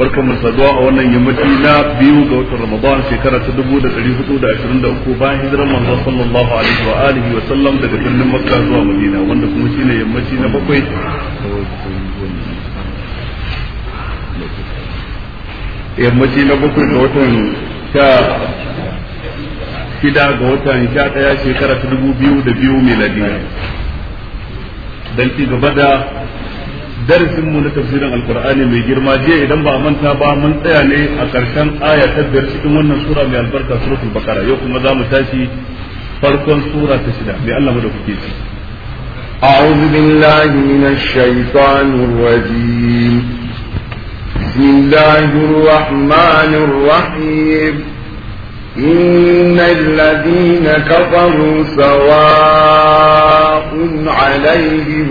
barkan mu saduwa a wannan yammaci na biyu ga watan Ramadan shekara ta dubu da da da hudu ashirin uku bayan hijirar manzo sallallahu alaihi wa alihi wa sallam daga birnin Makka zuwa Madina wanda kuma shine yammaci na bakwai yammaci na bakwai ga watan sha shida ga watan sha ɗaya shekara ta dubu biyu da biyu miladiya dan ci gaba da darasin mu na tafsirin alkur'ani mai girma je idan ba a manta ba mun tsaya ne a karshen aya ta biyar cikin wannan sura mai albarka suratul baqara yau kuma za mu tashi farkon sura ta shida mai Allah mu da kuke ci na بالله من الشيطان الرجيم بسم الله الرحمن إن الذين كفروا سواء عليهم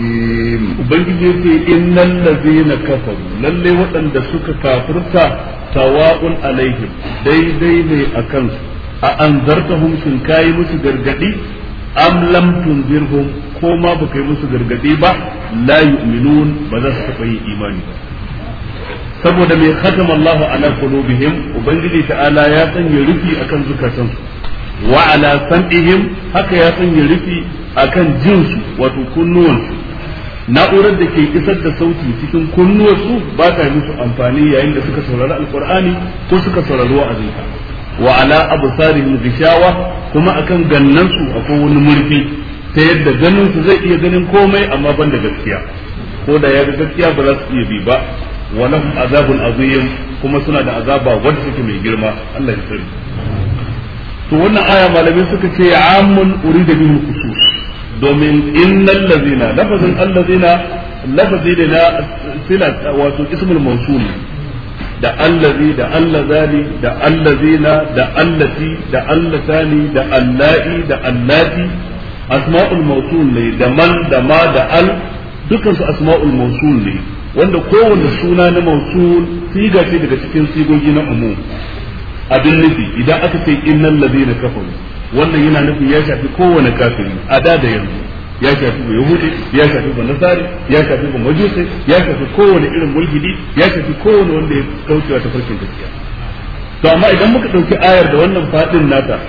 ubangiji in innal na kafa lallai waɗanda suka kafirta sawa'un alaihim daidai ne akan kansu a anzartahum sun kai musu gargadi am lam tunzirhum ko ma baka yi musu gargadi ba la yu'minun ba za su taɓa yin imani ba saboda mai khatam Allahu ala qulubihim ubangiji ta'ala ya sanya rufi akan zukatansu wa ala sam'ihim haka ya sanya rufi akan jinsu wato kunnuwansu na'urar da ke isar da sauti cikin kunnuwarsu ba ta yi musu amfani yayin da suka saurari alqur'ani ko suka saurari wa'azinka wa ala absarihim gishawa kuma akan gannan su akwai wani murfi ta yadda ganin su zai iya ganin komai amma ban da gaskiya ko da ya ga gaskiya ba za su iya bi ba wa lahum azabun azim kuma suna da azaba wanda suke mai girma Allah ya sani to wannan aya malamai suka ce ya amun urida bihi khusus domin innal ladzina lafazin allazina lafazi ne na sila wato ismul mawsul da allazi da allazani da allazina da allati da allatani da allai da allati asma'ul mawsul ne da man da ma da al dukkan su asma'ul mawsul ne wanda kowanne suna na mawsul siga ce daga cikin sigogi na umum abin nufi idan aka ce innal ladina kafaru wannan yana nufin ya shafi kowane kafiri a da da yanzu ya shafi ba yahudi ya shafi ba nasari ya shafi ba majusi ya shafi kowane irin mulhidi ya shafi kowane wanda ya kaucewa ta farkin gaskiya to amma idan muka dauki ayar da wannan fadin nata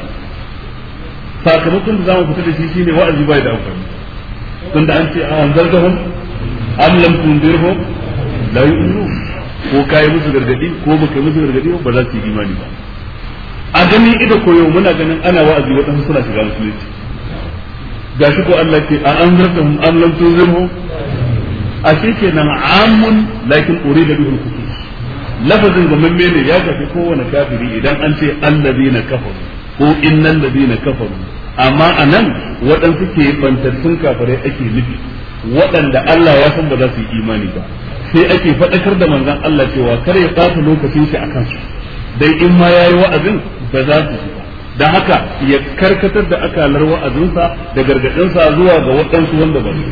sakamakon da zamu fita da shi shine wa'azi bai da amfani tunda an ce a anzartahum am lam tundirhum la yu'minun ko kai musu gargadi ko baka musu gargadi ba za su yi imani ba a ganin ido koyo muna ganin ana wa'azi waɗansu suna shiga musulunci ga shi ko Allah ke an mun an a shi ashe kenan amun lakin da duhun kufur lafazin ga mene ya gafi kowane kafiri idan an ce na kafaru ko innal na kafaru amma a nan waɗansu ke sun kafare ake nufi waɗanda Allah ya san ba za su yi imani ba sai ake faɗakar da manzon Allah cewa kar ya ɓata lokacin shi a su dai in ma yayi wa'azin ba za su shiga da haka ya karkatar da akalar wa'azinsa da gargadinsa zuwa ga waɗansu wanda ba su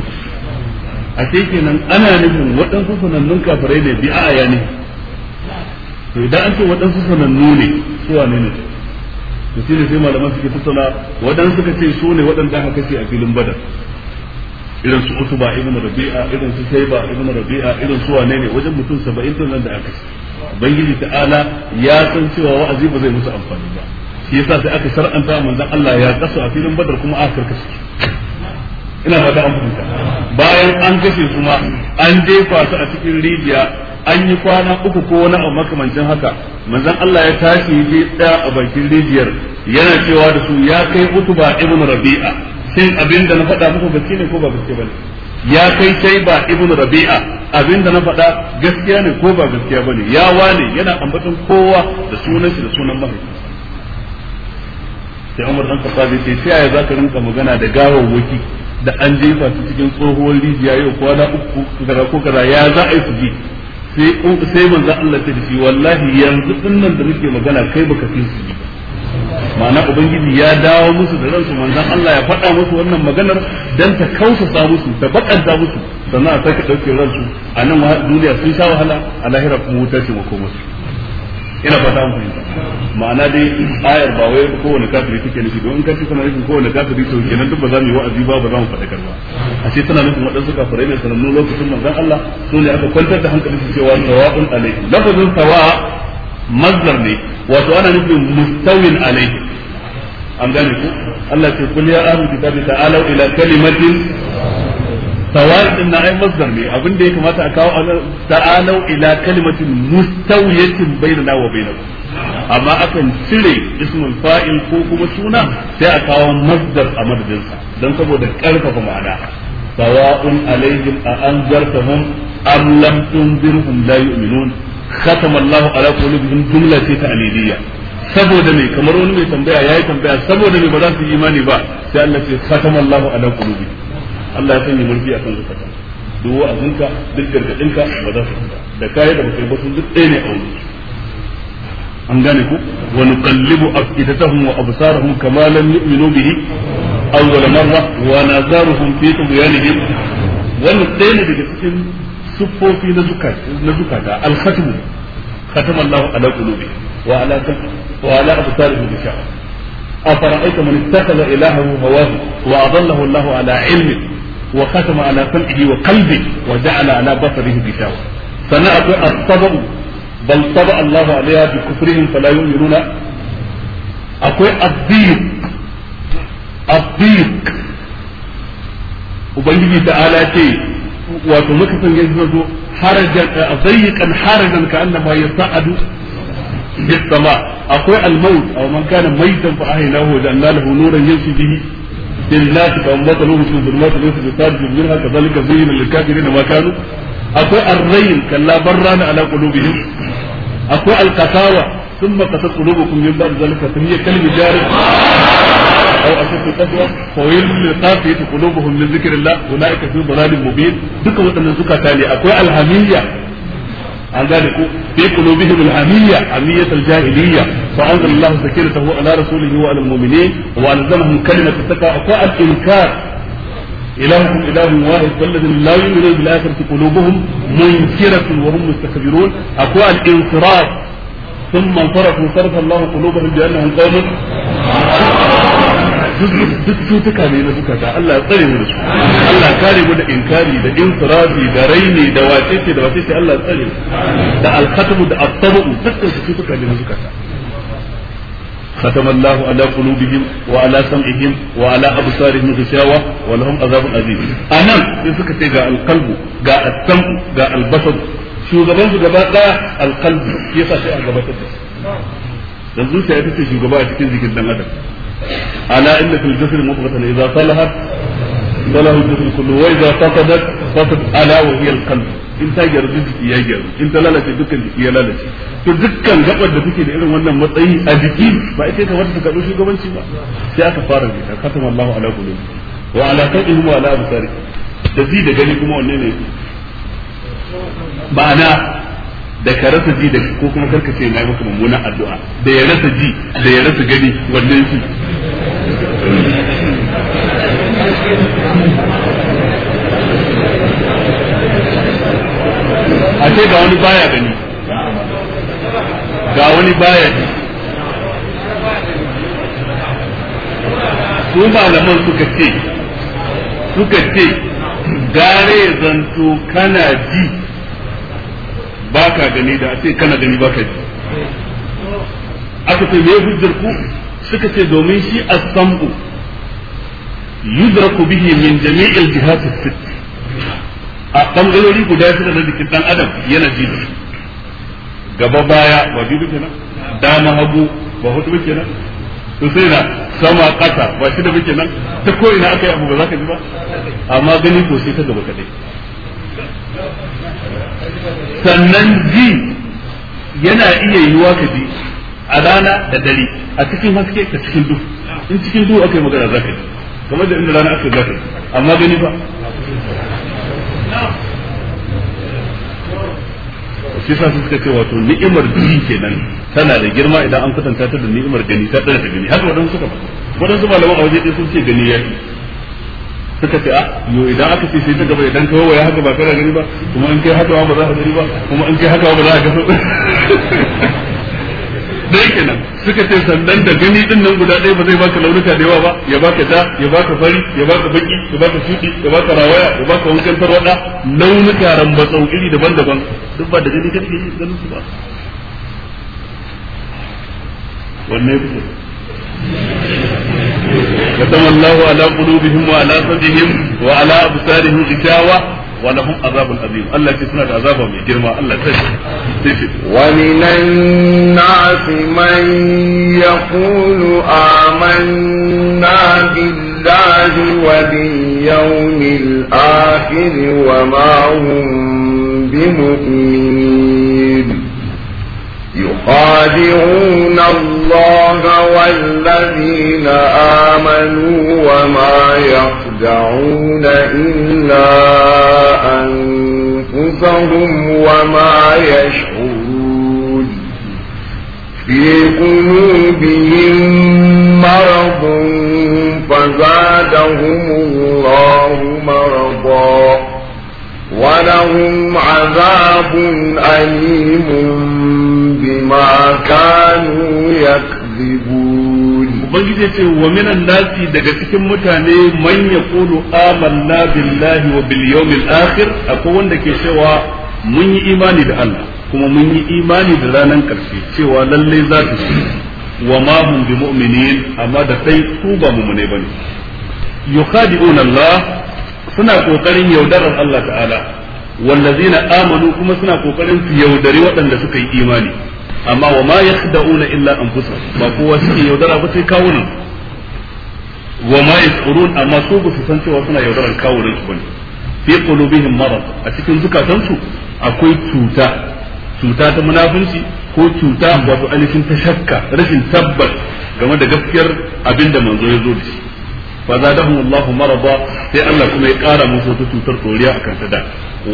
a kenan ana nufin waɗansu sanannun kafirai ne bi a aya ne to idan an ce waɗansu sanannu ne su wane ne to shi ne sai malaman suke tattauna waɗansu suka ce su ne waɗanda aka ce a filin badar irin su utuba ibn rabi'a irin su saiba ibn rabi'a irin su wane ne wajen mutum 70 din nan da aka kashe ubangiji ala ya san cewa wa'azi ba zai musu amfani ba shi yasa sai aka shar'anta manzon Allah ya kasu a filin badar kuma aka karkashe ina fata an fahimta bayan an kashe kuma an jefa su a cikin rijiya an yi kwana uku ko wani abu makamancin haka manzon Allah ya tashi ya tsaya a bakin rijiyar yana cewa da su ya kai utuba ibn rabi'a shin abin da na faɗa muku gaske ne ko ba gaske bane ya kai ba ibnu rabi'a abinda na faɗa gaskiya ne ko ba gaskiya bane ya wane yana ambaton kowa da sunan shi da sunan mahaifi sai Umar dan Khattabi sai sai yaya zaka rinka magana da waki da an jefa su cikin tsohuwar rijiya yau kwana uku kaza ko kaza ya za a yi su bi sai sai manzo Allah ta ce wallahi yanzu dinnan da muke magana kai baka fi su ba ma'ana ubangiji ya dawo musu da ransu manzon Allah ya faɗa musu wannan maganar dan ta kausasa musu ta bakanta musu sannan a sake dauke ransu a nan duniya sun sha wahala a lahira kuma wuta ce mako musu ina fata an ma'ana dai ayar ba wai wani kafiri take nufi don in ka ce ko wani kowane kafiri to kenan duk ba za mu yi wa'azi ba ba za mu faɗakar ba a ce tana nufin wadansu kafirai ne sanannu lokacin manzon Allah su ne aka kwantar da hankalin su cewa sawa'un alaihi lafazin sawa mazdar ne wato ana nufin mustawin alaihi an gane ku Allah ce kul ya kitabi ila kalimatin sawa'in din ai mazdar ne abin da ya kamata a kawo ta'ala ila kalimatin mustawiyatin bainana wa bainakum amma akan cire ismul fa'il ko kuma suna sai a kawo mazdar a don saboda karfafa ma'ana sawa'un alaihim a anzartahum am lam tunzirhum la yu'minun khatama Allah ala qulubihim jumla ce ta aliliya saboda mai kamar wani mai tambaya yayi tambaya saboda mai ba za su yi imani ba sai Allah ce khatama Allah ala qulubihim Allah ya sanya murfi akan zakata duk wa'azinka duk gargadinka ba za su da kai da bakai ba sun duk ɗaya ne a wurin an gane ku wa wa daga cikin siffofi na zukata al-khatmu khatama Allahu ala qulubi wa ala wa ala man ittakhadha hawahu wa adallahu ala ilmi wa ala sam'ihi wa qalbi wa ja'ala ala basarihi sana'atu as bal alayha bi kufrihim fala yu'minuna akwai ce wato muka sanya shi zanto harajan zayyikan harajan ka annama yasa'adu bis sama akwai al-maut aw man kana maitan fa ahaynahu wa ja'alna lahu nuran yamshi bihi للناس كما مثلهم في الظلمات ليس بخارج منها كذلك زين للكافرين ما كانوا أقوى الرين كلا بران على قلوبهم أقوى القساوة ثم قست قلوبكم من بعد ذلك فهي كلمة جارة أو أشد قسوة فويل قافية قلوبهم من ذكر الله أولئك في ضلال مبين ذكر وطن الزكاة تالي أكوى الهمية عن ذلك في قلوبهم الهمية عمية الجاهلية فأنزل الله سكينته على رسوله وعلى المؤمنين وألزمهم كلمة التقوى أكوى الإنكار إلهكم إله واحد والذين لا يؤمنون بالآخرة قلوبهم منكرة وهم مستكبرون أكوى الانصراف ثم انصرفوا صرف الله قلوبهم بأنهم قوم duk cutuka ne na zukata Allah ya tsare mu da su Allah kare mu da inkari da insirafi da raini da wacece da wacece Allah ya tsare da alkhatamu da attabu dukkan su cutuka ne na zukata ختم الله على قلوبهم وعلى سمعهم وعلى ابصارهم غشاوه ولهم عذاب عظيم انا sai suka ce ga alqalbu ga as-sam ga shugaban su gaba daya alqalbi yasa sai an gabatar da dan zuciya ita ce shugaba a cikin jikin dan adam ala inna fil jasad mudghatan idza salahat salahu jasad kullu wa idza fasadat fasad ala wa hiya alqalb in ta gyaru jiki ya gyaru in ta lalace dukkan jiki ya lalace to dukkan gabar da kuke da irin wannan matsayi a jiki ba ita ce ta wata ta shugabanci ba sai aka fara da katama Allahu ala qulubi wa ala ta'ihim wa ala absarihim da ji da gani kuma wanne ne ma'ana da ka rasa ji da ko kuma karka ce na maka mummuna addu'a da ya rasa ji da ya rasa gani wannan shi a ce ga wani baya gani ga wani baya ji su malaman suka ce suka ce gare zanto kana ji ba ka gani da a kana gani ba ka ji aka ce me hujjar ku suka ce domin shi as-sam'u ku bihi min jami'il jihati sit a bangalori guda shida na jikin dan adam yana ji da gaba baya ba biyu kenan dama hagu ba hudu kenan to sai na sama kasa ba shida kenan ta ko ina aka yi abu ba za ka ji ba amma gani ko sai ta gaba kadai sannan ji yana iya yiwuwa ka ji a rana da dare a cikin haske ka cikin duhu in cikin duhu aka yi magana za ka ji kamar da inda rana aka yi za ka ji amma gani ba shi sa suka ce wato ni'imar ji kenan tana da girma idan an kwatanta ta da ni'imar gani ta tsara ta gani haka waɗansu suka ba waɗansu malaman a waje ɗaya sun ce gani ya fi suka ce a ah, yo idan aka ce sai ta gaba idan ka waya haka ba kana gani ba kuma in kai haka ba za ka gani ba kuma in kai haka ba za ka ga dai kenan suka ce sandan da gani din nan guda ɗaya ba zai baka launuka da yawa ba ya baka da ya baka fari ya baka baki ya baka shudi ya baka rawaya ya baka wankan tarwada launuka rambatsau iri daban-daban duk ba da gani kake yi ganin su ba wannan ya ختم الله على قلوبهم وعلى سمعهم وعلى أبصارهم غشاوة ولهم عذاب عظيم الله يسمع عذابه من جرما الله ومن الناس من يقول آمنا بالله وباليوم الآخر وما هم بمؤمنين خادعون الله والذين آمنوا وما يخدعون إلا أنفسهم وما يشعرون في قلوبهم مرض فزادهم الله مرضاً ولهم عذاب أليم بما كانوا يكذبون وبنجي ومن الناس daga cikin mutane man yaqulu amanna billahi wa bil yawmil akhir akwai wanda ke cewa mun yi imani da Allah kuma mun yi imani da ranar karshe cewa lallai za ta shi wa ma hum bi mu'minin amma da kai su ba mu ne bane yukhadi'una Allah suna kokarin yaudarar Allah ta'ala wallazina amanu kuma suna kokarin su yaudari waɗanda suka yi imani amma wa ma yakhda'una illa anfusahum ba kowa suke yaudara ba sai kawunan wa ma yashurun amma su ba su san cewa suna yaudaran kawunan su bane fi qulubihim marad a cikin zukatansu akwai cuta cuta ta munafunci ko cuta wato alifin ta shakka rashin tabbas game da gaskiyar abinda manzo ya zo da shi fa zadahum Allahu marada sai Allah kuma ya kara musu wata cutar koriya akan ta da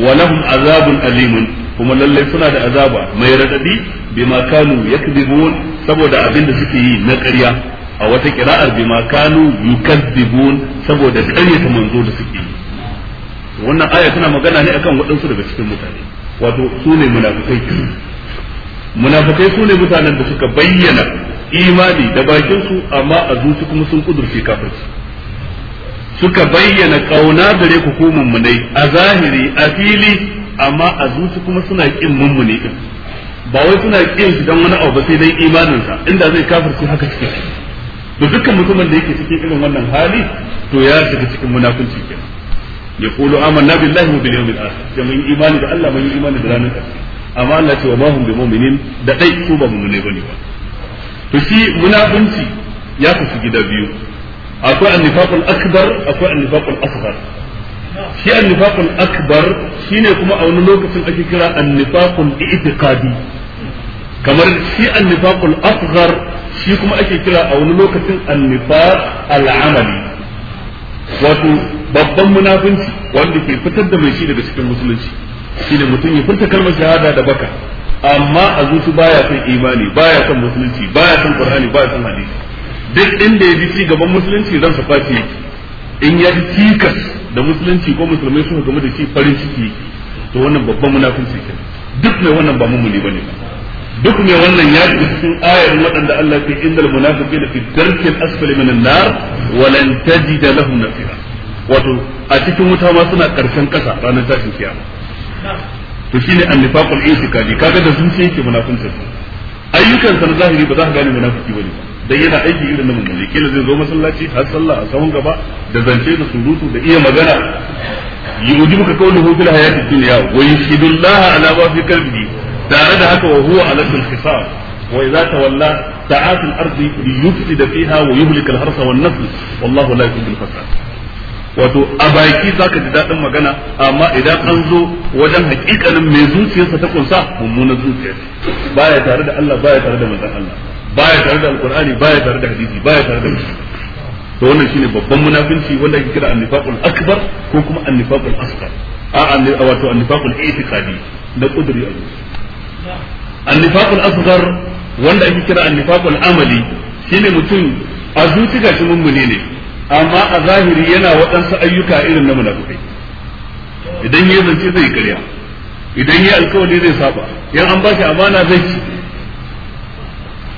wa alimun kuma lallai suna da azaba mai radadi bima kanu yakdibun saboda abin da suke yi na karya a wata kira'ar bima kanu yukadzibun saboda ƙaryata manzo da suke yi wannan aya tana magana ne akan waɗansu daga cikin mutane wato su munafukai munafukai su mutanen da suka bayyana imani da bakinsu amma a zuci kuma sun kudurce kafirci suka bayyana kauna gare ku ku mummunai a zahiri a fili amma a zuci kuma suna kin mummuni din ba wai suna kin shi dan wani abu ba sai dai imaninsa inda zai kafirce haka cikin shi. To dukkan mutumin da yake cikin irin wannan hali to ya shiga cikin munafunci kenan ya kulu amanna billahi wa bil yawmil akhir sai mun imani da Allah mun yi imani da ranar ƙarshe amma Allah ce wa ma hum bi mu'minin da dai su ba mu'minai bane ba to shi munafunci ya kusa gida biyu akwai annifaqul akbar akwai annifaqul asghar shi annifaqul akbar shine kuma a wani lokacin ake kira annifaqul i'tiqadi kamar shi annifaqul asghar shi kuma ake kira a wani lokacin annifaq al'amali wato babban munafunci wanda ke fitar da mai shi daga cikin musulunci shine mutum ya furta kalmar shahada da baka amma a zuci baya son imani baya son musulunci baya son qur'ani baya son hadisi duk inda ya ji ci gaban musulunci zan su faci in ya ji cikas da musulunci ko musulmai suka gamu da shi farin ciki to wannan babban munafunci ke duk mai wannan ba mumuni bane ba duk mai wannan ya ji cikin ayar waɗanda Allah ke indal munafiqin fi darkil asfali an nar wa lan tajid lahum nasira wato a cikin wuta ma suna karshen kasa ranar tashin kiyama to shine annifaqul itikadi kaga da sun ce yake munafincin ayyukan sa na zahiri ba za ka gane munafiki bane ba dan yana aiki irin na mummuni kila zai zo masallaci har sallah a sahun gaba da zance da surutu da iya magana yujibuka qawluhu fil hayati dunya wa yushhidullaha ala ma fi qalbi tare da haka wa huwa ala al hisab wa idza tawalla ta'at al ardi liyufsida fiha wa yuhlik al harsa wan nasl wallahu la yuhibbu al fasad wato a baki zaka ji dadin magana amma idan an zo wajen hakikanin mai zuciyarsa ta kunsa mummunar zuciya baya tare da Allah baya tare da manzon Allah baya tare da alqur'ani baya tare da hadisi baya tare da to wannan shine babban munafinci wanda ake kira annifaqul akbar ko kuma annifaqul asghar a wato annifaqul itiqadi na kudri a annifaqul asghar wanda ake kira annifaqul amali shine mutum a zuci gashi mummune ne amma a zahiri yana waɗansu ayyuka irin na munafikai idan ya zance zai karya idan ya alkawari zai saba yan an ba shi amana zai ci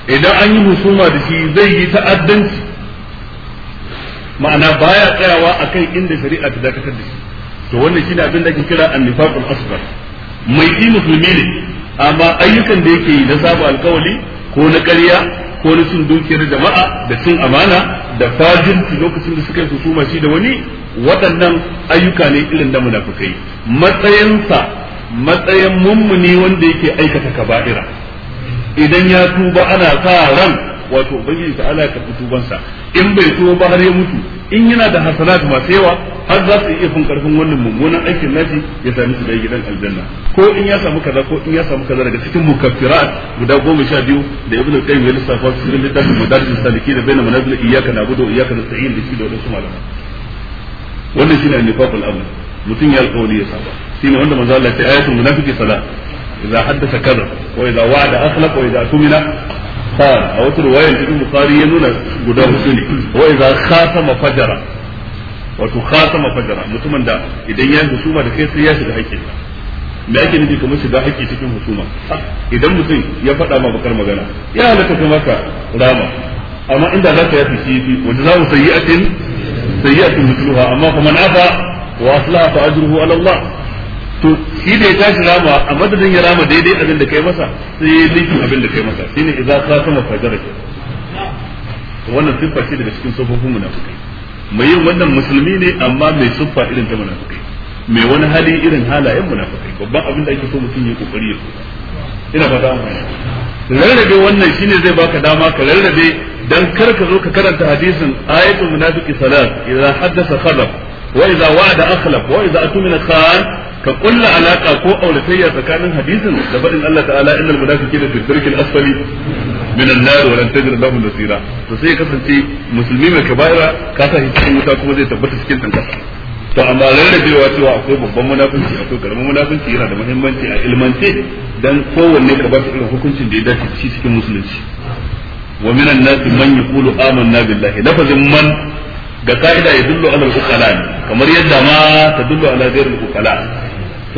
idan an yi husuma da shi zai yi ta'addanci ma'ana baya tsayawa a akan inda shari'a ta dakatar da shi to wannan shine abin da ake kira an-nifaqul asghar mai yi musulmi ne amma ayyukan da yake yi na saba alkawali ko na ƙarya ko na cin dukiyar jama'a da cin amana da fajinci lokacin da suka yi husuma shi da wani waɗannan ayyuka ne irin da munafukai matsayinsa matsayin mummuni wanda yake aikata kaba'ira idan ya tuba ana sa ran wato ubangiji ta ala ya karbi tubansa in bai tuba ba har ya mutu in yana da hasanat masu yawa har za su iya fin karfin wannan mummunan aikin nashi ya sami su da gidan aljanna ko in ya samu kaza ko in ya samu kaza daga cikin mukaffirat guda goma sha biyu da ibn qayyim ya lissafa su cikin littafin madarijus salikin da bainal manazil iyyaka na'budu wa iyyaka nasta'in da shi da wadansu malama wannan shine annifaqul amr mutum ya alƙawari ya saba shine wanda manzo Allah ya ce ayatul munafiqi salat idza haddatha kaza wa idza wa'ada akhlaq wa idza tumina qala a wata riwayar ibn bukhari ya nuna guda hudu ne wa idza fajara wato khatama fajara mutumin da idan ya husuma da kai sai ya shiga hakkin me ake nufi kuma shiga haƙƙi cikin husuma idan mutum ya faɗa ma bakar magana ya halatta kai maka rama amma inda za ka yafi shi yafi wanda za mu sayi sayyi'atin mithluha amma fa man afa wa aslaha fa ajruhu ala Allah to shi da ya tashi rama a madadin ya rama daidai abin da kai masa sai ya liki abin da kai masa shine idza qasama fajara ke wannan siffa ce daga cikin sofofin munafikai mai yin wannan musulmi ne amma mai siffa irin ta munafikai mai wani hali irin halayen munafikai babban abin da ake so mutum ya kokari ya kuka ina ba da amfani rarrabe wannan shine zai baka dama ka rarrabe dan kar ka zo ka karanta hadisin ayatul munafiqi salat idza haddasa khalaf wa idza wa'ada akhlaf wa idza atumina khan ka kulla alaka ko auratayya tsakanin hadisin da faɗin Allah ta'ala innal munafiqina fi dharkil asfali min an-nar wa lan tajid lahum nasira to sai kasance musulmi mai kaba'ira ka sa shi cikin wuta kuma zai tabbata cikin tankasa to amma rarrabewa cewa akwai babban munafunci akwai karamin munafunci yana da muhimmanci a ilmance dan kowanne ka ba shi irin hukuncin da ya dace shi cikin musulunci wa minan nas man yaqulu amanna billahi lafazin man ga ka'ida ya dullu ala al-uqala kamar yadda ma ta dullu ala ghairi al-uqala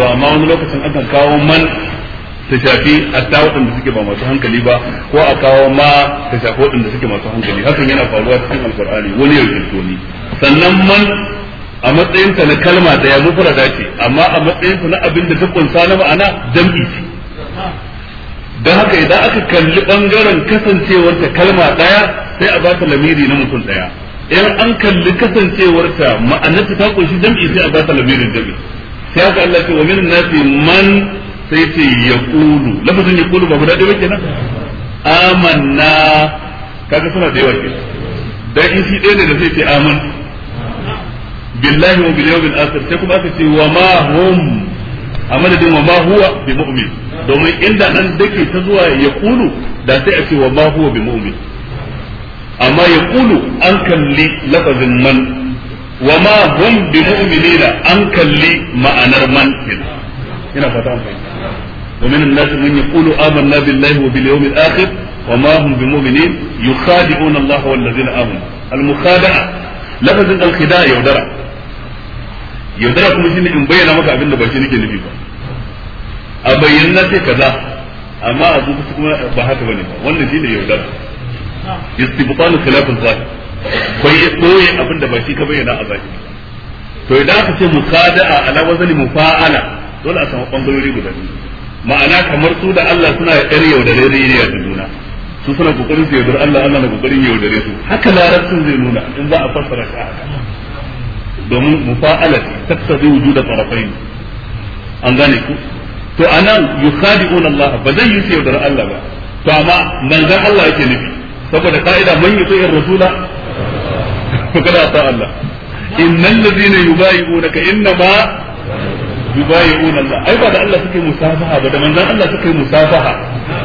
to amma wani lokacin akan kawo man ta shafi a hatta da suke ba masu hankali ba ko a kawo ma ta shafi waɗanda suke masu hankali hakan yana faruwa cikin alkur'ani wani ya kirto ni sannan man a matsayinsa na kalma da ya mufara dace amma a matsayinsa na abin da ta kunsa na ma'ana jam'i ce don haka idan aka kalli bangaren kasancewarta kalma ɗaya sai a bata lamiri na mutum ɗaya in an kalli kasancewarta ma'anarta ta kunshi jam'i sai a bata lamirin jam'i sai aka Allah ce wa min nasi man sai ce ya kulu lafazin ya kulu ba guda ɗaya ke nan amanna kaga suna da yawa ke dan in shi ɗaya ne da sai ce amin billahi wa bil yawmil akhir sai kuma aka ce wa ma hum a din wa ma huwa bi mu'min domin inda nan dake ta zuwa ya kulu da sai a ce wa ma huwa bi mu'min amma ya kulu an kalli lafazin man wa ma hum bi mu'minina an kalli ma'anar man ina fata amfani. fahimta wa min an-nas man yaqulu amanna billahi wa bil yawmil akhir wa ma hum bi mu'minin yukhadi'una Allah wal ladzina amanu al-mukhada'a lafazin al-khida'a yaudara yaudara kuma shine in bayyana maka abin da ba shi nake nufi ba a bayyana sai kaza amma a kuma ba haka ba kai ya ɓoye abin da ba shi ka bayyana a zahiri to idan aka ce mukada'a ala wazali mufa'ala dole a samu bangarori guda biyu ma'ana kamar su da Allah suna yar yaudare ne da juna su suna kokarin su yaudar Allah Allah na kokarin yaudare su haka larabcin zai nuna in za a fassara shi haka domin mufa'ala taksabi wujuda tarafain an gane ku to anan yukhadi'una Allah ba zai yi yaudar Allah ba to amma manzon Allah yake nufi saboda ka'ida man yuti rasula to kada ta Allah innal ladina yubayi'unaka innama yubayi'un Allah ai ba da Allah suke musafaha ba da manzon Allah suke musafaha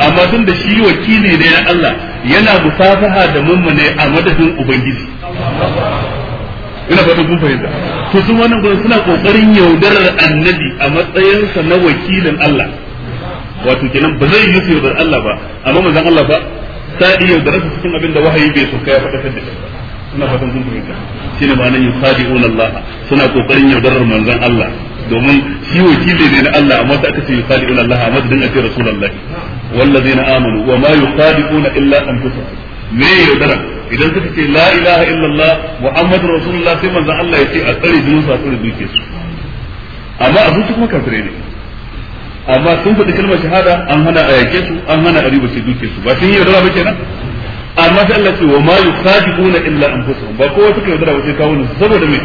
amma tun da shi wakili ne na Allah yana musafaha da mummune a madadin ubangiji ina fata kun fahimta to sun wannan gurin suna kokarin yaudarar annabi a matsayinsa na wakilin Allah wato kenan ba zai yi su yaudar Allah ba amma manzon Allah ba sai yaudarar cikin abin da wahayi bai so kai ya fadakar da shi ina fatan kun fahimta shine ma'anar yusadi'un Allah suna kokarin yaudarar manzon Allah domin shi wakili ne na Allah amma da aka ce yusadi'un Allah amma da dinga ce rasulullah wallazina amanu wa ma yusadi'una illa an kusa. me yaudara idan suka ce la ilaha illallah muhammadur rasulullah sai manzon Allah ya ce a tsare jinin su a tsare dukiyarsu amma a zuci kuma kafirai ne amma sun faɗi kalmar shahada an hana a yake su an hana a riba su duke su ba sun yi yaudara ba kenan amma sai Allah ce wa ma yusadiquna illa anfusuhum ba kowa suka yaudara ba sai kawo saboda me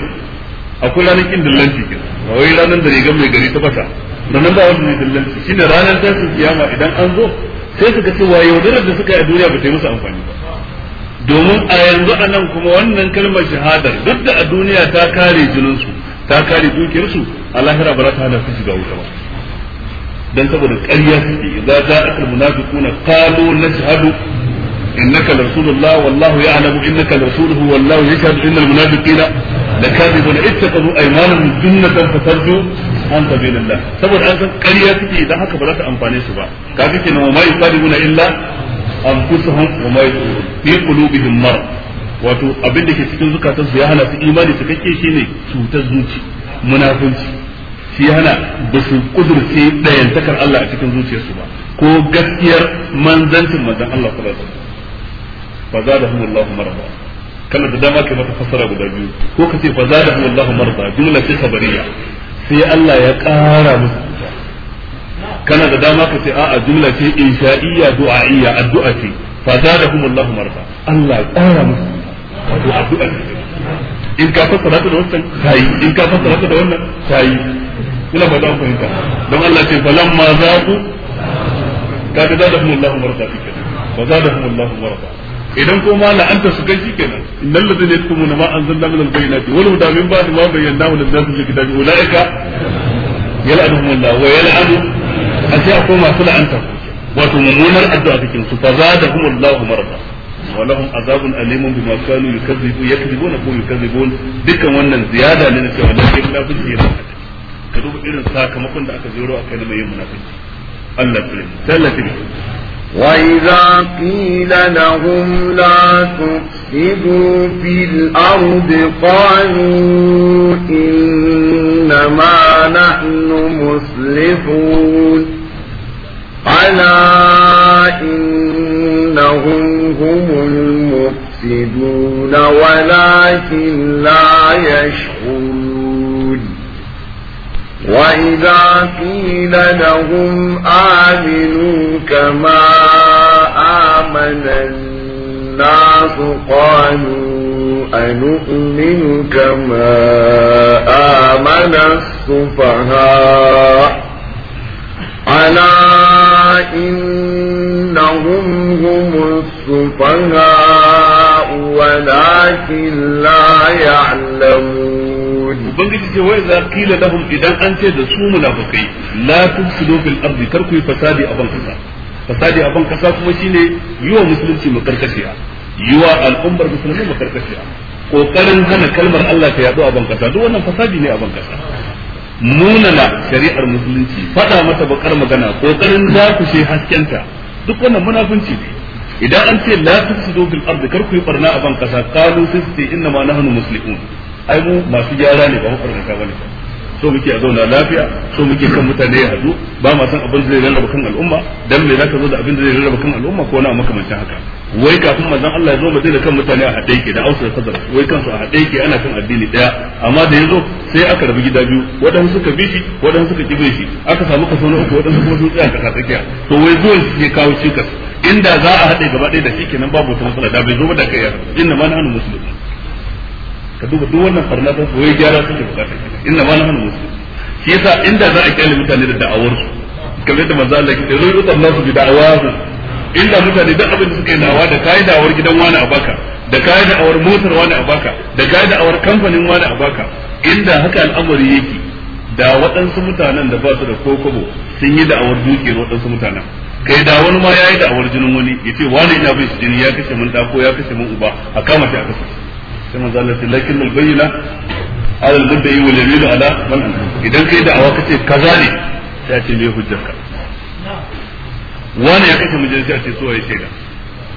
akwai ranar kin dillanci ke wai ranar da rigar mai gari ta fata ranar ba wanda ne dillanci shine ranar tashin kiyama idan an zo sai suka ce wa yaudarar da suka yi a duniya ba ta yi musu amfani ba domin a yanzu a nan kuma wannan kalmar shahadar duk da a duniya ta kare jininsu ta kare dukiyarsu a lahira ba za ta hana su shiga wuta ba dan saboda ƙarya suke idza ja'akal munafiquna qalu nashhadu innaka rasulullah wallahu ya'lamu innaka rasuluhu wallahu yashhadu innal munafiqina lakadibun ittakhadhu aymanahum jinnatan fasaddu an sabilillah saboda an san ƙarya suke idan haka ba za ta amfane su ba kaga kenan wa ma yusadibuna illa anfusuhum wa ma wato abin da ke cikin su ya hana su imani su kake ne cutar zuci munafunci shi hana ba su kudurce ɗayantakar Allah a cikin zuciyarsu ba ko gaskiyar manzancin manzan Allah sallallahu alaihi fa zadahum Allahu marada kana da dama kai mata fassara guda biyu ko ka ce fa zadahum Allahu marada jumla ce khabariya sai Allah ya kara musu kana da dama ka ce a'a jumla ce insha'iyya du'a'iyya addu'a ce fa zadahum Allahu marada Allah ya ƙara musu wato addu'a ce in ka fassara ta da wannan sai in ka fassara ta da wannan sai ina ba zan fahimta don Allah ce falamma zaku kaga zadahum Allahu marada kike fa zadahum Allahu marada idan kuma la'anta su kai shikenan innal ladina yaktumuna ma anzalna min al-bayyinati wal huda min ba'di ma bayyanahu lin-nasi fil kitabi ulaika yal'anuhumullah wa yal'anu ashe akwai masu la'anta wato mummunar addu'a cikin su fa zadahumullahu marada wa lahum azabun alimun bima kanu yukazzibu yakzibuna ko yukazibun dukkan wannan ziyada ne na cewa da yake munafiki yana ka duba irin sakamakon da aka jero akai na mai munafiki Allah ya tsare tallafi وإذا قيل لهم لا تفسدوا في الأرض قالوا إنما نحن مصلحون ألا إنهم هم المفسدون ولكن لا يشعرون وإذا قيل لهم آمنوا كما آمن الناس قالوا أنؤمن كما آمن السفهاء ألا إنهم هم السفهاء ولكن لا يعلمون ubangiji ce wai za qila lahum idan an ce da su munafikai la tufsidu fil ardi kar ku fasadi a ban kasa fasadi a ban kasa kuma shine yiwa musulunci makarkashiya yiwa al'ummar musulmi makarkashiya kokarin hana kalmar Allah ta yaɗu a ban kasa duk wannan fasadi ne a ban kasa munana shari'ar musulunci faɗa mata bakar magana kokarin shi haskenta duk wannan munafunci ne idan an ce la tufsidu fil ardi kar ku yi barna a ban kasa qalu sai inna ma nahnu muslimun ai mu masu gyara ne ba mu farka bane so muke a zauna lafiya so muke kan mutane ya hadu ba ma san abin da zai rarraba kan al'umma dan me zaka zo da abin da zai rarraba kan al'umma ko na makamancin haka wai kafin manzon Allah ya zo madina kan mutane a haɗe yake da ausa da fadar wai kansu a haɗe yake ana kan addini daya amma da yazo sai aka rabu gida biyu wadansu suka bi shi wadansu suka kibe shi aka samu kaso na uku wadansu kuma sun tsaya ta tsakiya to wai zuwan shi ke kawo cikas inda za a haɗe gaba ɗaya da shi kenan babu wata matsala da bai zo ba da kai inna ma nahnu muslimin ka duba duk wannan farna ta koyi gyara su ke bukata inna ma nahnu muslimun shi yasa inda za a kyale mutane da da'awar su kamar da manzo Allah ke zai rubuta nasu bi su inda mutane duk abin da suka yi da'awa da kai da'awar gidan wani a baka da kai da'awar motar wani a baka da kai da'awar kamfanin wani a baka inda haka al'amari yake da waɗansu mutanen da ba su da kokobo sun yi da'awar dukiyar waɗansu mutanen kai da wani ma ya yi da'awar jinin wani ya ce wani ina bin su jini ya kashe mun ɗako ya kashe mun uba a kama shi a kasa sai manzo Allah ce lakin ala ala man idan kai awa kace kaza ne sai ce me hujjarka wani ya kace sai a ce so ya shaida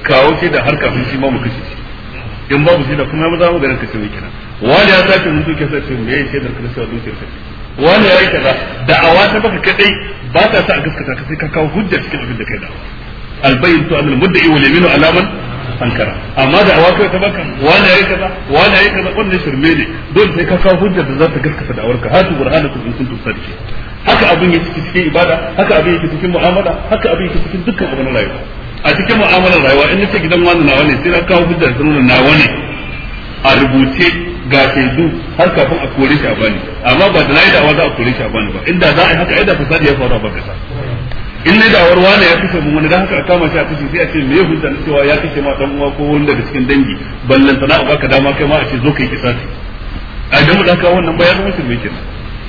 kawo da har kafin shi ma mu kace shi in babu da kuma za mu ganin kace mai kina wani ya sake mutu ke sa ce me ya shaidar ka a zuciyar ka wani ya yi kaza da'awa ta baka kadai ba ta sa a gaskata ka sai ka kawo hujjar cikin abin da kai da'awa albayyin to annal mudda'i wal yamin ala man ankara amma da awa ta baka yayi kaza yayi kaza shirme ne dole sai ka kawo hujjar da za ta gaskata da awarka hatu burhanakum in kuntum haka abin yake cikin ibada haka abin yake cikin mu'amala haka abin yake cikin dukkan abin rayuwa a cikin mu'amalar rayuwa in nace gidan wani nawa ne sai na kawo hujjar da nuna nawa ne a rubuce ga shaidu har kafin a kore shi a bani amma ba da nayi da za a kore shi a bani ba inda za a yi haka fasadi ya faru a bakasa in na dawar wane ya kashe mu wani dan haka a kama shi a kashe sai a ce me hujja na cewa ya kashe ma dan uwa ko wanda daga cikin dangi ballan a baka dama kai ma a ce zo kai kisasi a dan mu da ka wannan bayan zama shirme kenan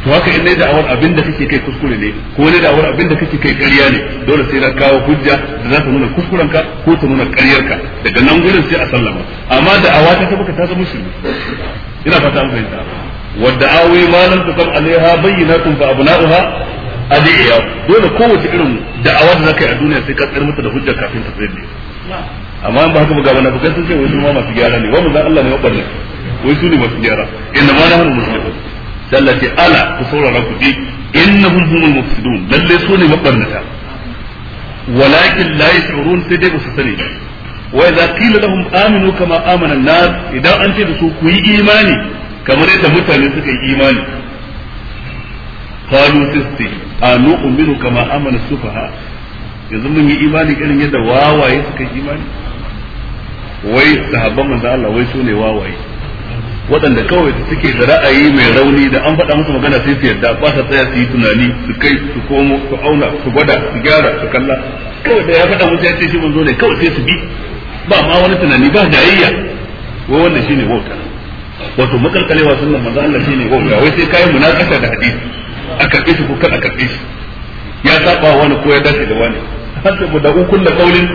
to haka in dai dawar abin da kake kai kuskure ne ko ne dawar abin da kake kai ƙarya ne dole sai na kawo hujja da za ta nuna kuskuren ka ko ta nuna ƙaryar ka daga nan gurin sai a sallama amma awa ta baka ta zama shirme ina fata an fahimta wadda awi ma lam tusab alaiha bayyinatun fa abna'uha adiya dole kowace irin da'awa da zaka yi a duniya sai ka tsayar mata da hujja kafin ta tsayar da amma in ba haka ba ga wannan fukan sun ce wai su ma masu gyara ne wa wannan Allah ne ya barne wai su ne masu gyara inna ma na nahnu muslimun sallati ala ku saurara ku ji innahum humul mufsidun lalle su ne mabarnata walakin la yashurun sai dai ba su sani wa idza qila lahum aminu kama amana an-nas idan an ce da su ku yi imani kamar yadda mutane suka yi imani qalu tisti anu uminu kama amana sufaha yanzu mun yi imani irin yadda wawaye suka yi imani wai sahabban manzo Allah wai sune wawaye waɗanda kawai suke da ra'ayi mai rauni da an faɗa musu magana sai su yarda ba ta tsaya su yi tunani su kai su komo su auna su gwada su gyara su kalla kawai da ya faɗa musu ya ce shi manzo ne kawai sai su bi ba ma wani tunani ba jayayya wai wannan shine wauta wato makalkalewa sunan manzo Allah shine wauta wai sai kai munakasa da hadisi a karbe shi ko kan a karbe shi ya saba wani ko ya dace da wani sai mu da'u da kaulin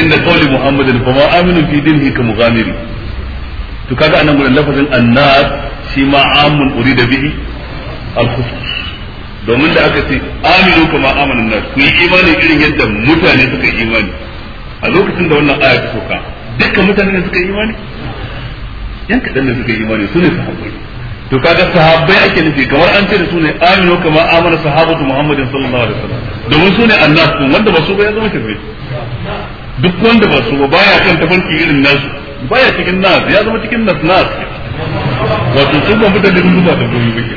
inda qawli muhammadin fa ma aminu fi dinhi ka mughamiri to kaga anan gurin lafazin annas shi ma amun urida bihi al-khusus domin da aka ce aminu ma amanin nas ku yi imani irin yadda mutane suka yi imani a lokacin da wannan aya ta soka dukkan mutane suka yi imani yan kaɗan ne suka yi imani su ne su haƙuri to kaga sahabbai ake nufi kamar an ce da su ne aminu kama amana sahabatu muhammadin sallallahu alaihi wasallam domin su ne annas kun wanda ba su ba ya zama kafiri duk wanda ba su ba baya kan tafarki irin nasu baya cikin nas ya zama cikin nas nas wato su ba mutane sun zuba da goyi bake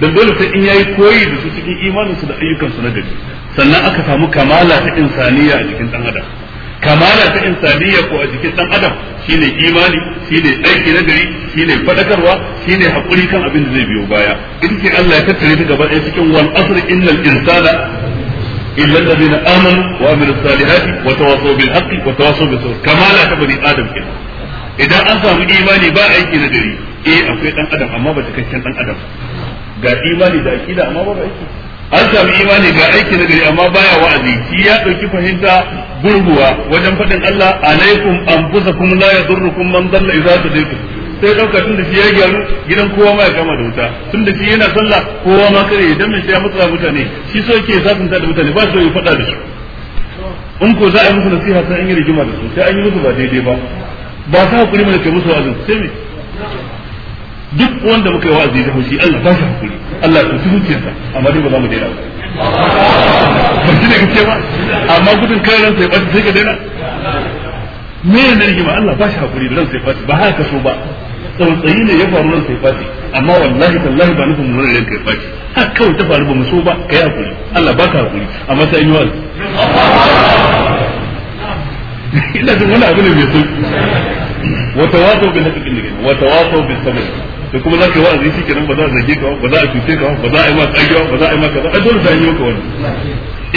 dan dole sai in yayi koyi da su cikin imanin su da ayyukan su na gari sannan aka samu kamala ta insaniya a cikin dan adam kamala ta insaniya ko a jikin dan adam shine imani shine aiki na gari shine fadakarwa shine hakuri kan abin da zai biyo baya in ce Allah ya tattare ta gaba ɗaya cikin wal asr innal insana illa alladhina amanu wa amilus salihati wa tawassaw bil haqqi wa tawassaw bis sabr kamala ta bani adam kenan idan an samu imani ba aiki na gari eh akwai dan adam amma ba cikakken dan adam ga imani da aqida amma ba aiki an sami imani ga aiki nagari amma baya wa'azi shi ya dauki fahimta gurguwa wajen faɗin Allah alaikum anfusakum la yadurrukum man dalla idza tadaytum sai dauka tunda shi ya gyaru gidan kowa ma ya kama da wuta tunda shi yana sallah kowa ma kare idan mai ya mutsa mutane shi so yake ta da mutane ba so ya faɗa da su in ko za a yi musu nasiha sai an yi rigima da su sai an yi musu ba daidai ba ba sa hakuri mana kai musu wa'azi sai me duk wanda muka yi wa'azi da haushi Allah ba shi hakuri Allah ya tusi zuciyarsa amma dai ba za mu daina ba ba shi ne kace ba amma gudun kai ran sai ba sai ka daina me ne ne ba Allah ba shi hakuri ran sai fati ba haka so ba tsautsayi ne ya faru ran sai fati amma wallahi tallahi ba nufin mun ran kai fati har kawai ta faru ba mu so ba kai hakuri Allah ba ka hakuri amma sai yi wani ina jin wani abu ne mai sauki wata wato bin haƙiƙin da gani. wata wato bin sabon da kuma za ka yi wa'azi shi kenan ba za a zage ka ba za a cuce ka ba za a yi masa tsagewa ba za a yi masa kaza ai dole za a yi maka wani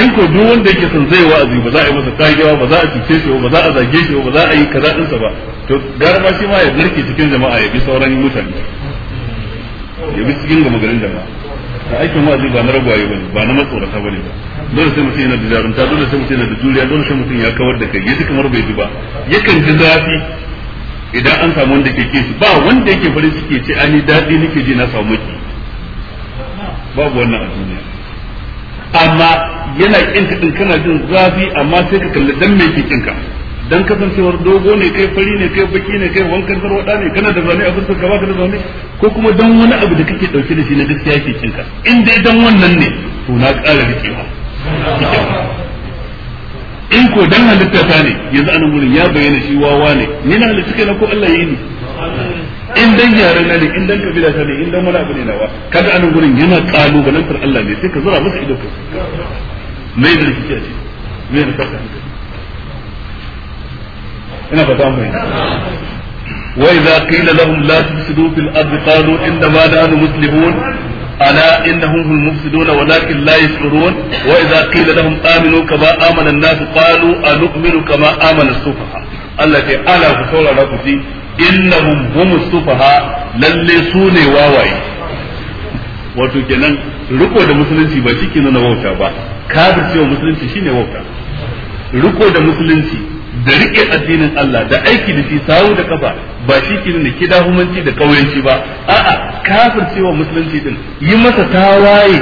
in ko duk wanda yake son zai wa'azi ba za a yi masa tsagewa ba za a cuce shi ba za a zage shi ba za a yi kaza dinsa ba to gara ma shi ma ya narke cikin jama'a ya bi sauran mutane ya bi cikin gama garin jama'a a aikin wa'azi ba na ragwaye ba ne ba na matsorata ba ne ba dole sai mutum yana da jarumta dole sai mutum yana da juriya dole sai mutum ya kawar da kai ya ji kamar bai ji ba yakan ji zafi idan an samu wanda ke kisu ba wanda yake farin ciki ce ani daɗi nake ji na samu ki babu wannan a duniya amma yana kin ka din kana jin zafi amma sai ka kalli dan me ke ka dan kasancewar dogo ne kai fari ne kai baki ne kai wankan tarwada ne kana da zane a fuskar ka baka da zane ko kuma dan wani abu da kake dauke da shi na gaskiya ke ka in dai dan wannan ne to na ƙara rikewa in ko dan halitta ta ne yanzu anan gurin ya bayyana shi wawa ne ni na halitta kai na ko Allah yi ni in dan yaran na ne in dan kabila ta ne in dan wani abu ne nawa kaga anan gurin yana kalubalantar Allah ne sai ka zura masa ido kai mai da rikici a ce mai da kasa ina ba ta mai وإذا قيل لهم لا تفسدوا في الأرض قالوا إنما نحن مسلمون ألا إنهم هم المفسدون ولكن لا يشعرون وإذا قيل لهم آمنوا كما آمن الناس قالوا أنؤمن كما آمن السفهاء التي ألا فسولا لكم إنهم هم السفهاء للسوني واواي wato kenan riko da musulunci ba shi nuna wauta ba kafircewa musulunci shine wauta riko da musulunci da riƙe addinin Allah da aiki da shi sawu da kafa ba shi ke nuna kidahumanci da kauyanci ba a'a cewa musulunci din yi masa tawaye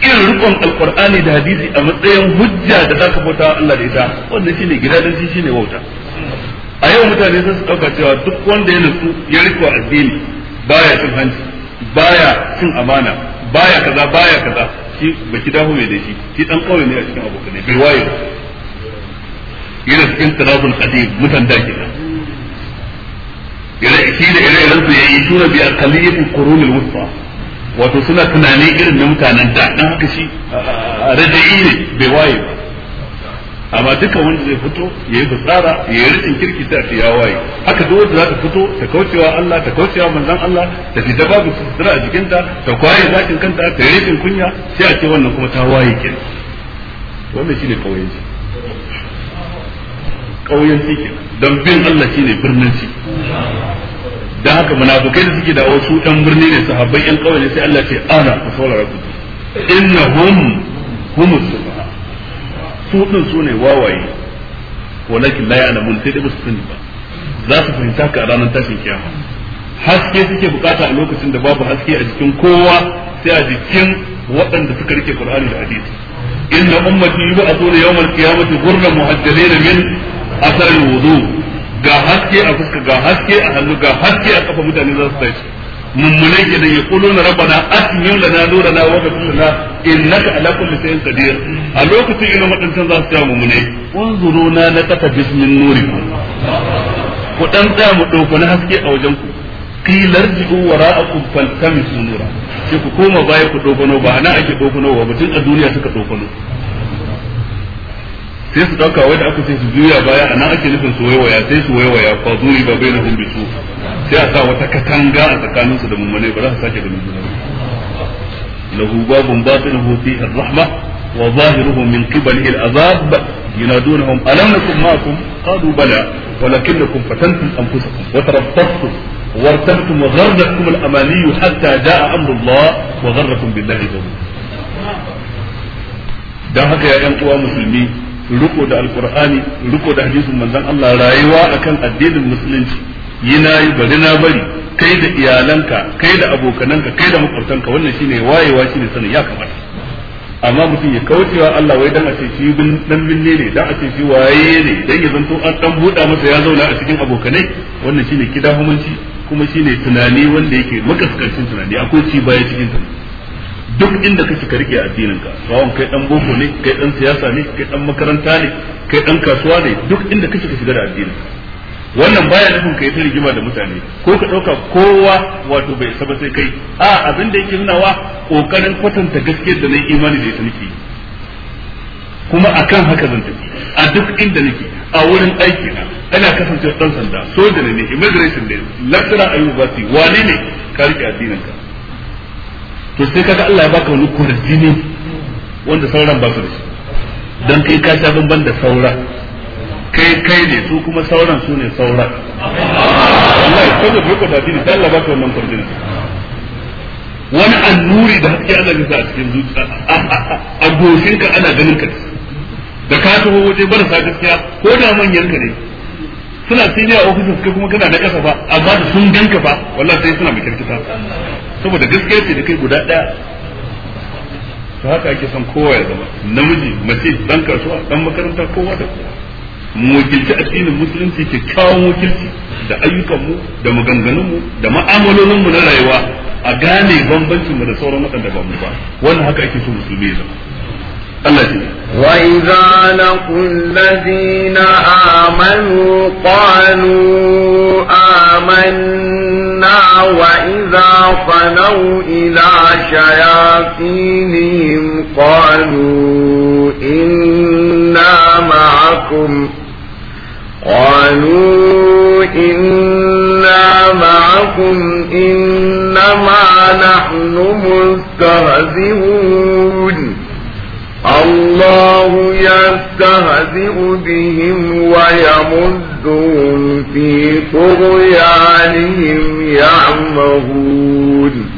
kin rukun alqur'ani da hadisi a matsayin hujja da zaka bauta Allah da ita wannan shine shi shine wauta a yau mutane sun su dauka cewa duk wanda ya nutsu ya riko addini baya cin hanci baya cin amana baya kaza baya kaza shi ba ki dahu mai da shi shi dan kauye ne a cikin abokanai bai waye yana cikin tarabul qadim mutan da ke ire shi da ire iren su yayi suna bi aqalliyatul qurun al-wusta wato suna tunani irin na mutanen da dan haka shi rajai ne bai waye ba amma dukkan wanda zai fito yayi fitsara yayi rikin kirki ta ya waye haka duk wanda za ta fito ta kaucewa Allah ta kaucewa manzon Allah ta fita babu sutura a jikinta ta kwaye zakin kanta ta yi rikin kunya sai a ce wannan kuma ta waye ke. wannan shi ne shine kauyanci kauyanci kenan don bin Allah shi ne birnin shi da haka munafukai da suke dawo su ɗan birni ne su sahabbai ƴan kawai ne sai Allah ce ana ku saurara ku innahum humus sufaha su din su ne wawaye walakin la ya'lamun sai dai su sani ba za su fahimta ka a ranar tashin kiyama haske suke bukata a lokacin da babu haske a jikin kowa sai a jikin waɗanda suka rike Qur'ani da hadisi inna ummati yub'athuna yawmal qiyamati ghurran muhajjalina min asar wudu ga haske a fuska ga haske a hannu ga haske a kafa mutane za su tashi mummunai ke da ya kulo na rabana asmin lana nurana wa ghfir lana innaka ala kulli shay'in qadir a lokacin irin wadannan za su ta mummunai unzuruna na na kata bismin nuri. ku dan da mu dauko na haske a wajen ku qilar ji'u wara'akum faltamisu nura sai ku koma baya ku dokono ba na ake dokono ba mutum a duniya suka dokono sai su dauka wai da aka ce su juya baya a nan ake nufin su waiwaya sai su waiwaya fa zuri ba bai na hun bisu sai a sa wata katanga a tsakaninsu da mummune ba za su sake ganin juna lahu babun batinuhu fi ar-rahma wa zahiruhu min qibalihi al-azab ينادونهم ألم نكن معكم قالوا بلى ولكنكم فتنتم أنفسكم وتربصتم وارتبتم وغرتكم الأماني حتى جاء أمر الله وغركم بالله الغرور dan haka ya ‘yan uwa musulmi riko da alkur'ani riko da hadisin manzon Allah rayuwa akan addinin musulunci yina yi bari na bari kai da iyalanka kai da abokananka kai da makwabtanka wannan shine wayewa shine sanin ya kamata amma mutum ya kaucewa Allah wai dan a ce shi dan binne ne dan a ce shi waye ne dan ya zanto an dan buɗa masa ya zauna a cikin abokanai wannan shine kidahumanci kuma shine tunani wanda yake makaskancin tunani akwai ci baya cikin tunani duk inda kake ka rike addinin ka sawon kai dan boko ne kai dan siyasa ne kai dan makaranta ne kai dan kasuwa ne duk inda kake ka shiga da addinin wannan baya nufin kai ta rigima da mutane ko ka dauka kowa wato bai saba sai kai a abin da yake nunawa kokarin kwatanta gaskiyar da nayi imani da ita nake kuma akan haka zan tafi a duk inda nake a wurin aiki na ana kasancewa dan sanda soja ne immigration ne lecturer ayyuka wane ne ka rike addinin ka to sai kaga Allah ya baka wani ne wanda sauran ba su da shi dan kai ka ta banban da sauran kai kai ne su kuma sauran su ne sauran wallahi da yau da dini sai Allah baka wannan kurjini wani annuri da haske Allah ya sa a cikin zuciya a goshin ka ana ganin ka da ka taho waje marasa gaskiya ko da manyan ka ne suna sai ne a ofishin kai kuma kana na kasa ba amma da sun ganka ba wallahi sai suna mai kirkita saboda gaskiya ce da kai guda daya ta haka ake son kowa ya zama namiji mace dan kasuwa dan makaranta kowa da kowa mu wakilci addinin musulunci ke kyakkyawan wakilci da ayyukanmu da maganganunmu da ma'amalolinmu na rayuwa a gane mu da sauran waɗanda ba mu ba wannan haka ake so musulmi ya zama وإذا لقوا الذين آمنوا قالوا آمنا وإذا خلوا إلى شياطينهم قالوا إنا معكم قالوا إنا معكم إنما نحن مستهزئون الله يستهزئ بهم ويمدهم في طغيانهم يعمهون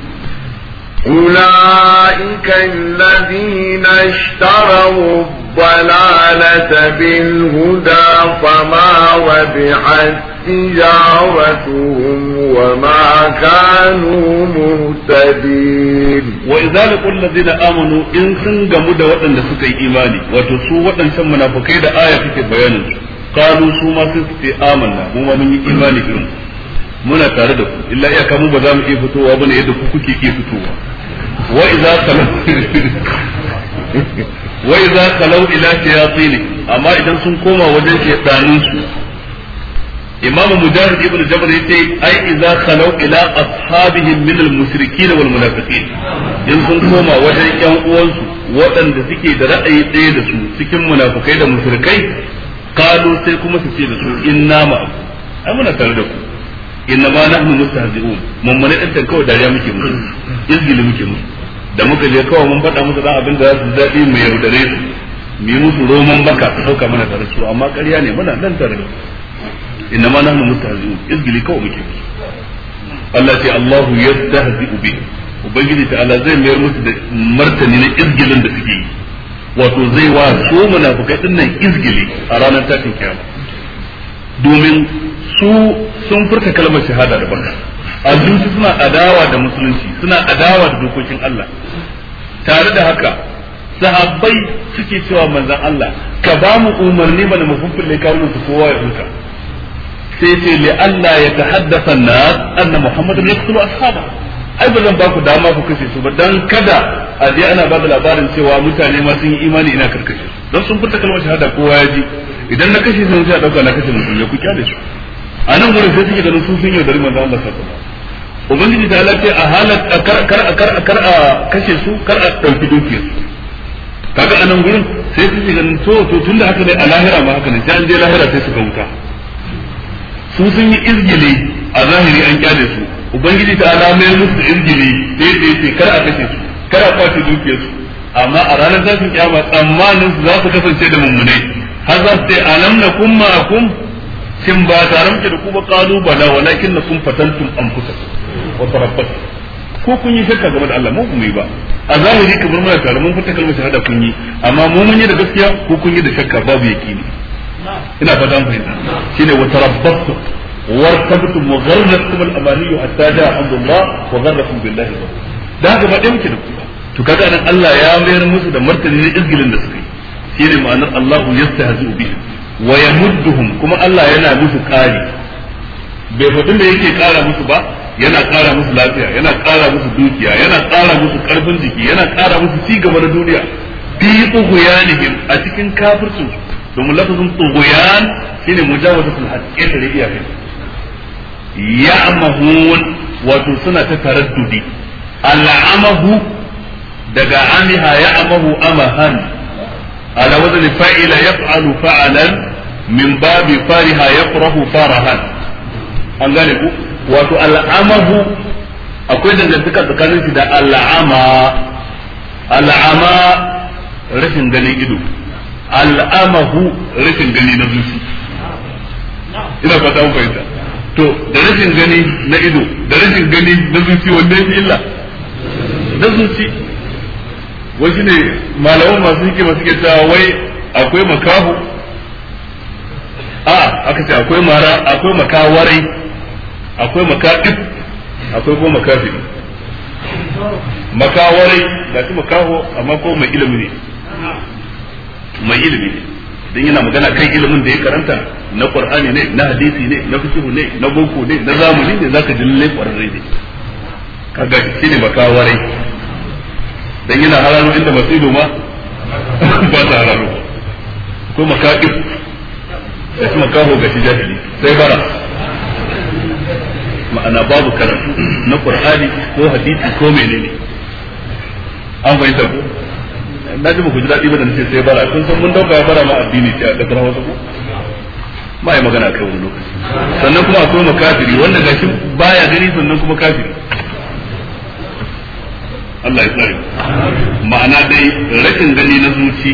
أولئك الذين اشتروا الضلالة بالهدى فما ربحت تجارتهم وما كانوا مهتدين وإذا لقوا الذين آمنوا إن سنقموا دا وطن دا سكي إيماني وتسوا وطن سمنا فكيد آية في بيانه qalu su ma sun ce amanna mu ma mun yi imani irin muna tare da ku illa iyaka mu ba za mu iya fitowa bane yadda ku kuke ke fitowa wa idza qalu wa idza qalu ila shayatin amma idan sun koma wajen shaytanin su imam mujahid ibn jabr yace ai idza qalu ila ashabihim min al mushrikin wal munafiqin in sun koma wajen yan uwansu waɗanda suke da ra'ayi ɗaya da su cikin munafikai da mushrikai قالوا sai kuma su ce da su inna ma'akum ai muna tare da ku inna ma nahnu mustahzi'un mun mun dan kawai dariya muke musu izgili muke musu da muka je kawai mun faɗa musu dan abin da za su zaɓi mu yaudare su mu musu roman baka su sauka mana da rasu amma ƙarya ne muna nan tare da ku inna ma nahnu izgi izgili kawai muke musu Allah ce Allahu yastahzi'u bi ubangiji Allah zai mayar musu da martani na izgilin da suke yi wato zai wa su munafikai din nan izgili a ranar tashin kiyama domin su sun furta kalmar shahada da baka a suna adawa da musulunci suna adawa da dokokin Allah tare da haka sahabbai suke cewa manzon Allah ka ba mu umarni bana mu fuffulle karunan su kowa ya huta sai ce li Allah ya tahaddasa nas anna muhammadun yaqtulu ashabahu ai ba zan ba ku dama ku kashe su ba dan kada a je ana ba da labarin cewa mutane ma sun yi imani ina karkashe don dan sun furta kalmar shahada kowa ya ji idan na kashe su sai a dauka na kashe musulmi ku kyale su a nan gurin sai suke ganin su sun yaudari da Allah sallallahu alaihi wasallam ubangiji ta lafiya a halat kar kar kar kar a kashe su kar a dauki dukiyar kaga a nan gurin sai suke ganin to to tunda haka ne a lahira ma haka ne sai an je lahira sai su ga wuta su sun yi izgili a zahiri an kyale su ubangiji ta ala mai musu da injili sai sai sai kar a kashe su kar a kwace dukiyar su amma a ranar zafin kiyama tsammanin su za su kasance da mummunai har za su ce alam na kun ma kun shin ba tare muke da ku ba kalu bala walakin na kun fatantum anfusakum wa tarabbasu ko kun yi shakka game da Allah mu kuma yi ba a zahiri kamar muna tare mun fita kalmar shahada kun yi amma mu mun yi da gaskiya ko kun yi da shakka babu yaki ne ina fata mun fahimta shine wa tarabbasu wartabtum wa gharratkum al-amaniyu hatta ja'a amrullah wa gharrakum billahi da haka ba muke da to kaga Allah ya mayar musu da martani ne izgilin da suke Shi ne ma'anar Allahu yastahzi bihim wa yamudduhum kuma Allah yana musu kari bai faɗi da yake kara musu ba yana kara musu lafiya yana kara musu dukiya yana kara musu karfin jiki yana kara musu ci gaba na duniya fi tughyanihim a cikin kafircin domin lafazin tughyan shine mujawazatu al-haqqi da iyaka ya'mahun wato suna ta taraddudi al'amahu daga amiha ya'mahu amahan ala wazni fa'ila yaf'alu fa'alan min babi fariha yafrahu farahan an gane ku wato al'amahu akwai dangantaka tsakanin shi da al'ama al'ama rashin ganin ido al'amahu rashin gani na zuci ina fata mun fahimta to da rashin gani na ido da rashin gani na zuci wanda ya fi illa na zuci wasu ne malawan masu masu suke cewa wai akwai makahu a aka ce akwai mara akwai makawarai akwai makaɗif akwai kuma makafiri makawarai ba su makaho amma ko mai ilimi ne mai ilimi ne don yana magana kan ilimin da ya karanta na qur'ani ne na hadisi ne na fikihu ne na boko ne na zamani ne zaka dille kwararre ne kaga shi ne makawarai dan yana hararo inda masu ma ba ta hararo ko makaqib da kuma kaho ga jahili sai bara ma'ana babu karatu na qur'ani ko hadisi ko menene an fahimta ko na ji ba ku ji daɗi ba da nace sai bara kun san mun dauka ya bara ma addini ce a ƙasar Hausa ko ba ya magana kai wani lokaci sannan kuma akwai makafiri wanda gashi baya gani sannan kuma kafiri Allah ya tsare ma'ana dai rashin gani na zuci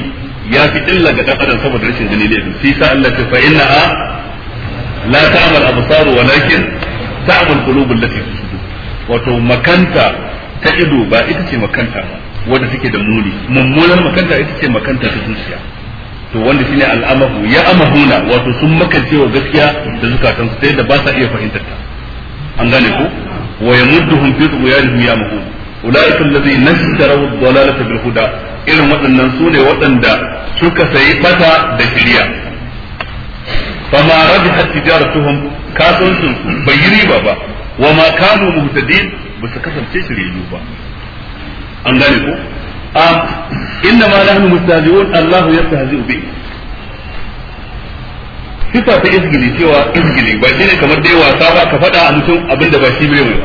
ya fi illa ga dan adam saboda rashin gani ne sai sa Allah ta fa inna a la ta'mal absar walakin ta'mal qulub allati fi sudur wato makanta ta ido ba ita ce makanta wanda take da muni mummunar makanta ita ce makanta ta zuciya to wanda shine al'amahu ya amahuna wato sun makance wa gaskiya da zukatan su sai da ba sa iya fahimtar ta an gane ku. wa yamudduhum fi tughyanihim ya mahun ulaika alladhina nashtaraw ad-dalalata bil huda irin waɗannan su ne waɗanda suka sayi bata da shiriya fama rabihat tijaratuhum kasuwancin su bai yi riba ba wa ma kanu muhtadin ba su kasance shiriyu ba an gane ku. inna ma nahnu mustahzi'un Allah yastahzi'u bi sifa ta izgili cewa izgili ba shi ne kamar dai wasa ba ka faɗa a mutum abin da ba shi bai ba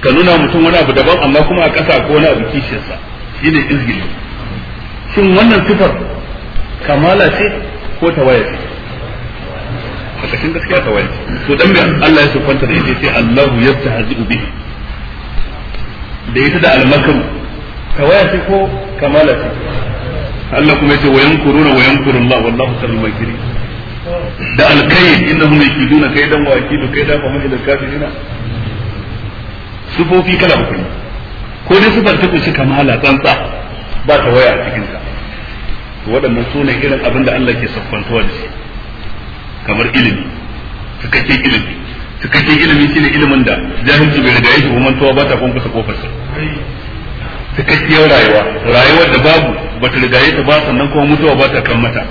ka nuna mutum wani abu daban amma kuma a ƙasa ko wani abu kishiyarsa shine izgili shin wannan sifar kamala ce ko tawaya ce kashin gaskiya tawaya ce to dan me Allah ya sufanta da ita ce Allahu hazi ubi. da ita da almakam tawaya ce ko kamala Allah kuma yace wayan kuruna wayan kurullah wallahu sallal makiri da alkayd innahum yakiduna kaidan da kai kaida fa da kafirina sufofi kala uku ko dai sufar ta kunshi kamala tsantsa ba ta waya a cikin ta waɗannan su ne irin abin da Allah ke saffantuwa da shi kamar ilimi cikakken ilimi cikakken ilimi shine ilimin da jahilci bai riga yake kuma tuwa ba ta kunkusa kofarsa cikakkiyar rayuwa rayuwar da babu bata rigaye ta ba sannan kuma mutuwa ba ta kan mata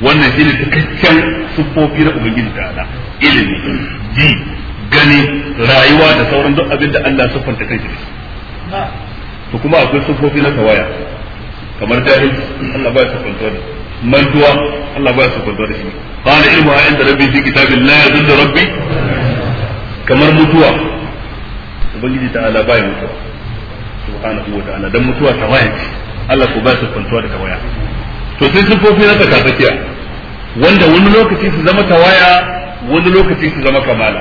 wannan shine cikakken siffofi na ubangiji ta ala ilimi ji gani rayuwa da sauran duk abin da Allah siffanta kanshi da shi to kuma akwai siffofi na tawaya kamar jahil Allah ba ya siffanta da mantuwa Allah ba ya siffanta da shi qala ilmu inda rabbi fi kitabin la yadhillu rabbi kamar mutuwa ubangiji ta ala ba ya mutuwa subhanahu wa ta'ala dan mutuwa tawaya ce Allah ko ba su kwantuwa da tawaya to sai sifofi na tsakatsakiya wanda wani lokaci su zama tawaya wani lokaci su zama kamala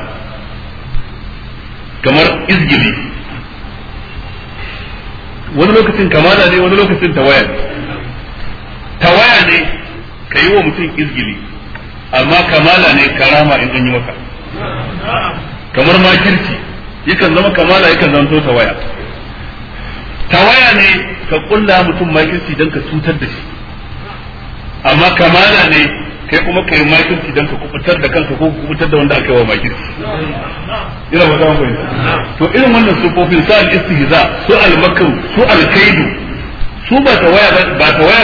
kamar izgili wani lokacin kamala ne wani lokacin tawaya ne tawaya ne ka yi wa mutum izgili amma kamala ne karama in an yi maka kamar makirci yakan zama kamala yakan zama tawaya waya ne ka kulla mutum makirci don ka cutar da shi amma kamala ne kai kuma kai makirci don ka kubutar da kanka ko kubutar da wanda aka yi wa makirci ina ba zama bayan to irin wannan sufofin su al-istihza su al makar su al-kaidu su ba ta waya ba ne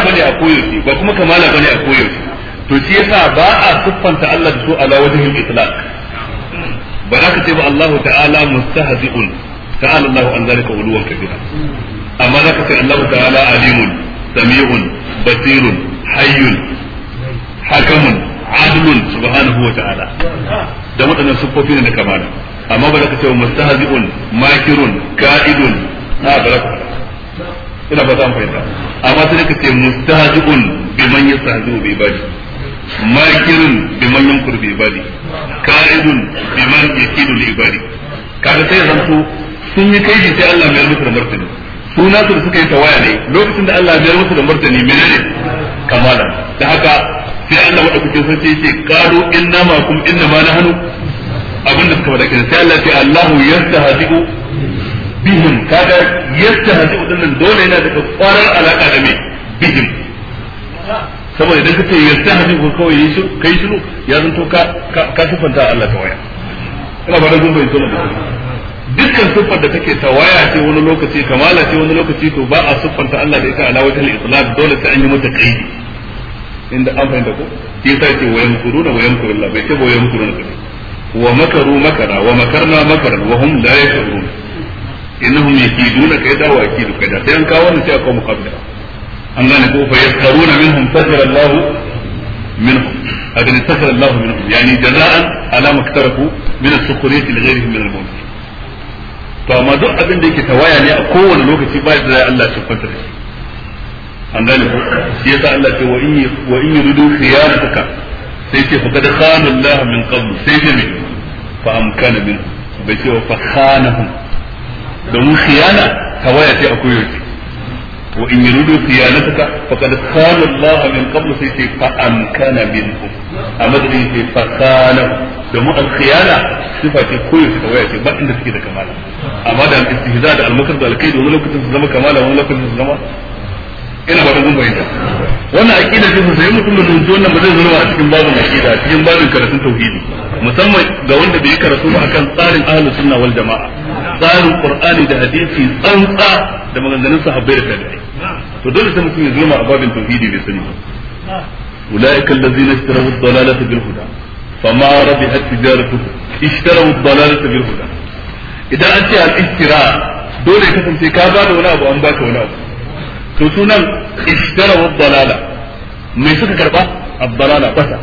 bane a koyaushe ba kuma kamala bane a koyaushe to shi yasa ba a siffanta Allah da su ala wajhil itlaq ba za ka ce ba Allah ta'ala mustahzi'un ta'ala Allah an zalika uluwan kabira amma za ka ce Allah ta'ala alimun sami'un basirun hayyun hakamun adlun subhanahu wa ta'ala da waɗannan siffofi ne na kamar amma ba za ka ce mustahzi'un makirun ka'idun na ba za ka ina ba za mu fahimta amma sai ka ce mustahzi'un man yastahzi'u bi ibadi makirun bi man yankur bi ibadi ka'idun man yakidu li ibadi kaga sai zanto sun yi kaidi sai Allah mai musu da martani su nasu da suka yi tawaya ne lokacin da Allah biyar musu da martani menene kamala da haka sai Allah madaukakin sai yace qalu inna ma kum inna ma nahnu abinda suka faɗa kin sai Allah ya ce Allahu yastahzi'u bihim kaga yastahzi'u dinnan dole yana da kwarar alaka da me bihim saboda idan kace yastahzi'u kawai yi shi kai shiru ya zanto ka ka sifanta Allah tawaya ina ba da gumbai to dukkan siffar da take tawaya ce wani lokaci kamala ce wani lokaci to ba a siffanta Allah da ita ala wajhal islam dole sai an yi mata kaidi inda an fahimta ko shi yasa ce wayan kuruna wayan kurulla bai ce wayan kuruna kai wa makaru makara wa makarna makaran wa hum la yashurun innahum yakiduna kaida wa akidu kaida sai an kawo wannan sai aka muqaddara an gane ko fa yaskaruna minhum sajara Allah minhum adan sajara Allah minhum yani jaza'an ala maktarafu min as-sukhriyati li ghayrihim min al-mulk to amma duk abin da yake tawaya ne a kowane lokaci ba da Allah ya siffanta da shi an gane ko shi yasa Allah ce wa in wa in yuridu khiyanataka sai ce faqad khana Allah min qabl sai ce me fa amkana min bai ce fa khanahum domin khiyana tawaya ce a koyaushe wa in yuridu khiyanataka faqad khana Allah min qabl sai ce fa amkana minhum amma da sai fa khanahum domin alkhiyana sifa ce koyo ta waya ce ba inda suke da kamala amma da istihza da almakar da alkai wani lokacin su zama kamala wani lokacin su zama ina ba da mun bayyana wannan aqida ce su sai mutum da nunci wannan ba zai zo a cikin babin aqida cikin babin karatun tauhidi musamman ga wanda bai karatu ba akan tsarin ahlus sunna wal jamaa tsarin qur'ani da hadisi tsantsa da maganganun sahabbai da tabi'ai to dole sai mutum ya zo a babin tauhidi bai sani ba ulaika allazina ishtaraw ad-dalalata bil huda fama rabihat tijaratuhu ishtaraw ad-dalalata bil huda idan an ce al-ishtira dole kasance ka ba da wani abu an baka wani abu to sunan ishtaraw ad-dalala me suka karba ad-dalala bata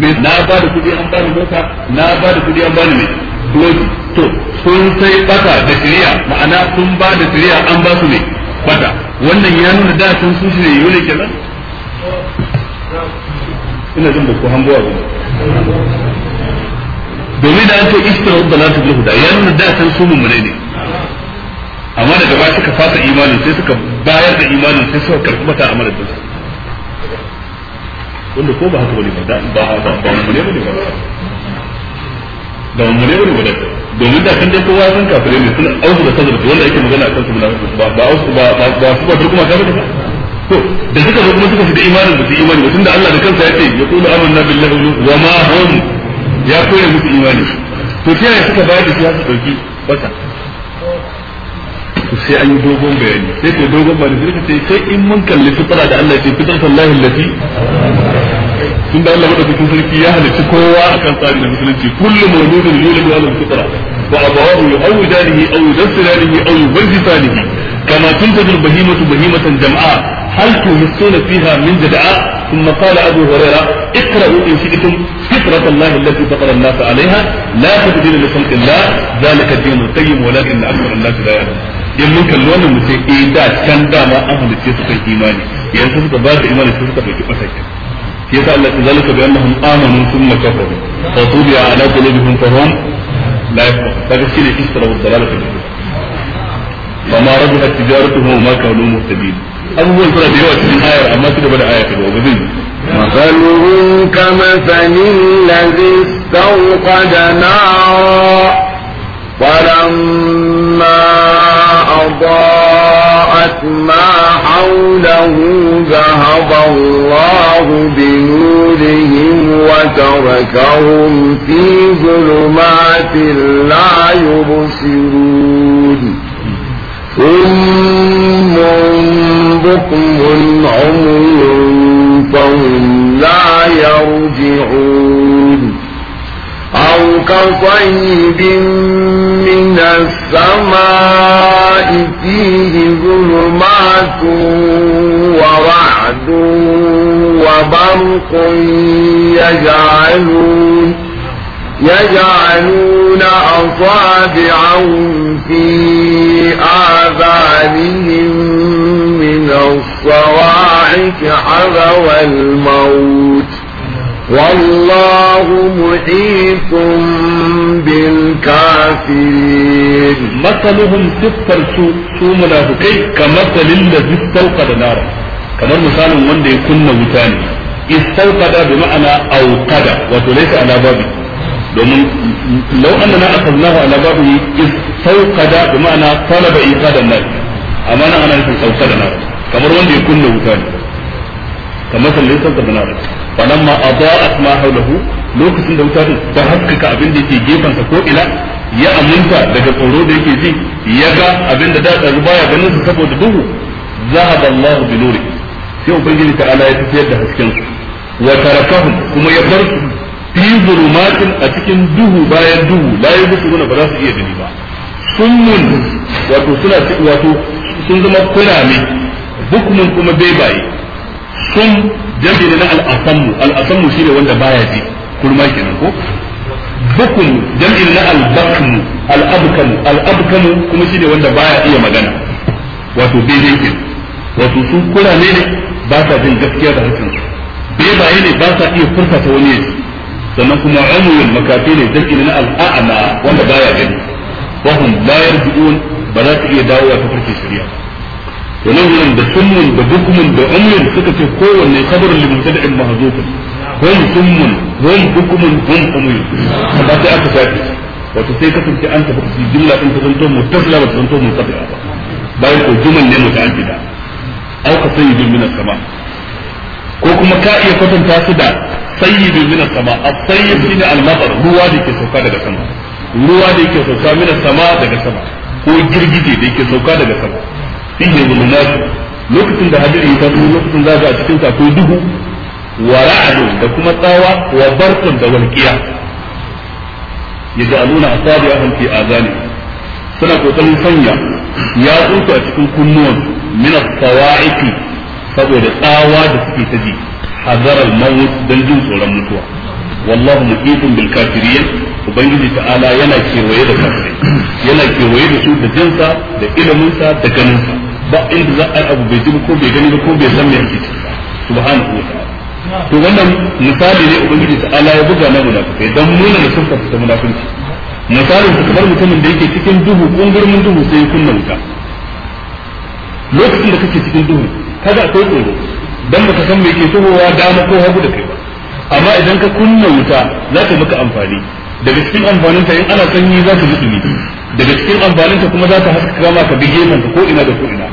me na ba da kudi an bani mota na ba da kudi an bani mai doki to sun sai bata da shari'a ma'ana sun ba da shari'a an basu su ne bata wannan ya nuna da sun su ne yau ne kenan ina jin ba ku domin da ake istar wadda na ta bilhuda ya nuna da san su mummune ne amma daga baya suka fasa imanin sai suka bayar da imanin sai suka karɓi mata amanar dinsu wanda ko ba haka bane ba ba ba ba mummune ba da mummune bane ba domin da kan dai kowa san kafire ne suna auzu da sadar wanda ake magana akan su ba ba ba ba su ba su ba su ba to da suka zo kuma suka da imanin ba su imani ba tunda Allah da kansa ya ce ya kula amanna billahi wa ma hum ya koyar musu imani to ta yaya suka bayar da shi su dauki wata to sai an yi dogon bayani sai ko dogon bayani sai ka ce sai in mun kalli fitra da Allah ya ce fitra sallahi allati tun da Allah madaukakin sarki ya halicci kowa akan tsari na musulunci kullu mawludin yuladu ala fitra wa abawahu yu'awidanihi aw yudassiranihi aw yubayyisanihi كما تنتج البهيمة بهيمة جمعاء هل تهسون فيها من جدعاء ثم قال أبو هريرة اقرأوا إن شئتم فطرة الله التي فطر الناس عليها لا تبديل لخلق الله ذلك الدين القيم ولكن أكثر الناس لا يعلمون in mun kalli wannan mu eh da can dama an halitta suka yi imani yanzu suka ba da imani su suka dauki fasakin shi yasa Allah ta zalika bi annahum amanu thumma kafaru fa tubiya ala qulubihim fa hum la yafqahun Daga shi ne isra wa dalalatu فما ربحت تجارتهم وما كانوا مهتدين abubuwan suna da yawa آية ayar amma su gaba da aya ta gaba مثلهم كمثل الذي استوقد نارا فلما أضاءت ما حوله ذهب الله بنورهم وتركهم في ظلمات لا يبصرون صم بكم عمي فهم لا يرجعون أو كصيب من السماء فيه ظلمات ورعد وبرق يجعلون يجعلون أصابعهم في في آذانهم من الصواعق حذو الموت والله محيط بالكافرين مثلهم سفر سوء منافقين كمثل الذي استوقد نارا كما مثال من يكون وتاني استوقد بمعنى أوقد وليس على بابه domin law annana akhadnahu ala babi iz sauqada bi ma'ana talaba iqadan nar amma nan ana nufin da nar kamar wanda ya kunna wuta ne kamar sallai sauqada nar falamma adaa'at ma hawlahu lokacin da wuta ta haskaka abin da ke gefen sa ko ila ya aminta daga tsoro da yake ji ya ga abin da da baya ganin su saboda duhu za a bi nuri sai ubangiji ta ala ya tafiyar da hasken su wa tarakahum kuma ya bar fi zulumatin a cikin duhu bayan duhu la yubsiruna ba za su iya gani ba summun wato suna wato sun zama kurame bukmun kuma bai bai sun jami'i na al-asammu shi ne wanda baya ji kurma kenan ko bukun jam'in na albakmu al'abkamu al'abkamu kuma shi ne wanda baya iya magana wato daidai ke wato su kurane ne ba sa jin gaskiya da hakan bebaye ne ba sa iya furta ta wani yaji sannan kuma umul makafi ne zaki na al'a'ama wanda baya gani wahum la yarji'un ba za ta iya dawowa ta farke shari'a to nan wurin da summun da bukmun da umul suka ce kowanne kabarin limutada'in mahzufin hum summun hum bukmun hum umul ba sai aka sake wato sai kasance an tafi su jumla din ta zanto mutasila ba ta zanto munqati'a ba bayan ko jumal ne muta'addida au ka sanya jumla sama ko kuma ka iya kwatanta su da sayyidun min sama as-sayyid shine ruwa da yake sauka daga sama ruwa da yake sauka min sama daga sama ko girgije da yake sauka daga sama fihi zulumatu lokacin da hadiri ya tafi lokacin a cikin sa duhu wa da kuma tsawa wa barkun da walqiya yaj'aluna asabi'ahum fi azani suna kokarin sanya ya tsunta a cikin kunnuwan min as-sawa'iqi saboda tsawa da suke ta ji hadar al-maut dan jin tsoron mutuwa wallahu muqitun bil kafirin ubangiji ta'ala yana kewaye da kafirai yana kewaye da su da jinsa da iliminsa da ganinsa ba inda za a ko ko to wannan misali ne ubangiji ala ya buga na munafikai dan nuna da sun fata munafiki misalin ka kamar mutumin da yake cikin duhu kungurmin duhu sai ya kunna wuta lokacin da kake cikin duhu kada kai tsoro dan baka san me ke tahowa dama ko hagu da kai ba amma idan ka kunna wuta za ta maka amfani daga cikin amfanin ta in ana sanyi za ta mutu daga cikin amfanin ta kuma za ta haska ma ka bi gefen ko ina da ko ina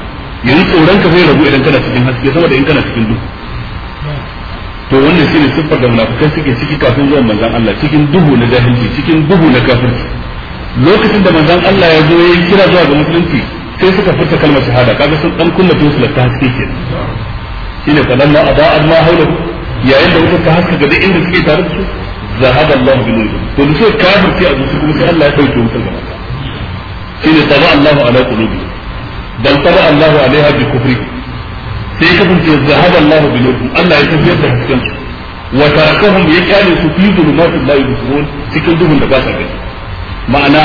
yanzu tsoron ka zai ragu idan kana cikin haske sama da in kana cikin duhu to wannan shine siffar da munafikai suke ciki kafin zuwan manzon Allah cikin duhu na jahilci cikin duhu na kafirci lokacin da manzon Allah ya zo ya kira zuwa ga musulunci sai suka furta kalmar shahada kaga sun dan kunna dusu da haske kenan shine falamma ada'at ma hawla yayin da wutar ta haska ga duk inda suke tare da su zahaba Allah bi nurihim to da sai kafirci a zuci kuma sai Allah ya dauke wutar gaba shine taba Allahu ala qulubi dan taba Allahu alaiha bi kufri sai kasance zahaba Allah bi nurihim Allah ya tafiyar da hasken su wa tarakahum ya kyale su fi zulumatin la yubsirun cikin duhun da ba sa gani ma'ana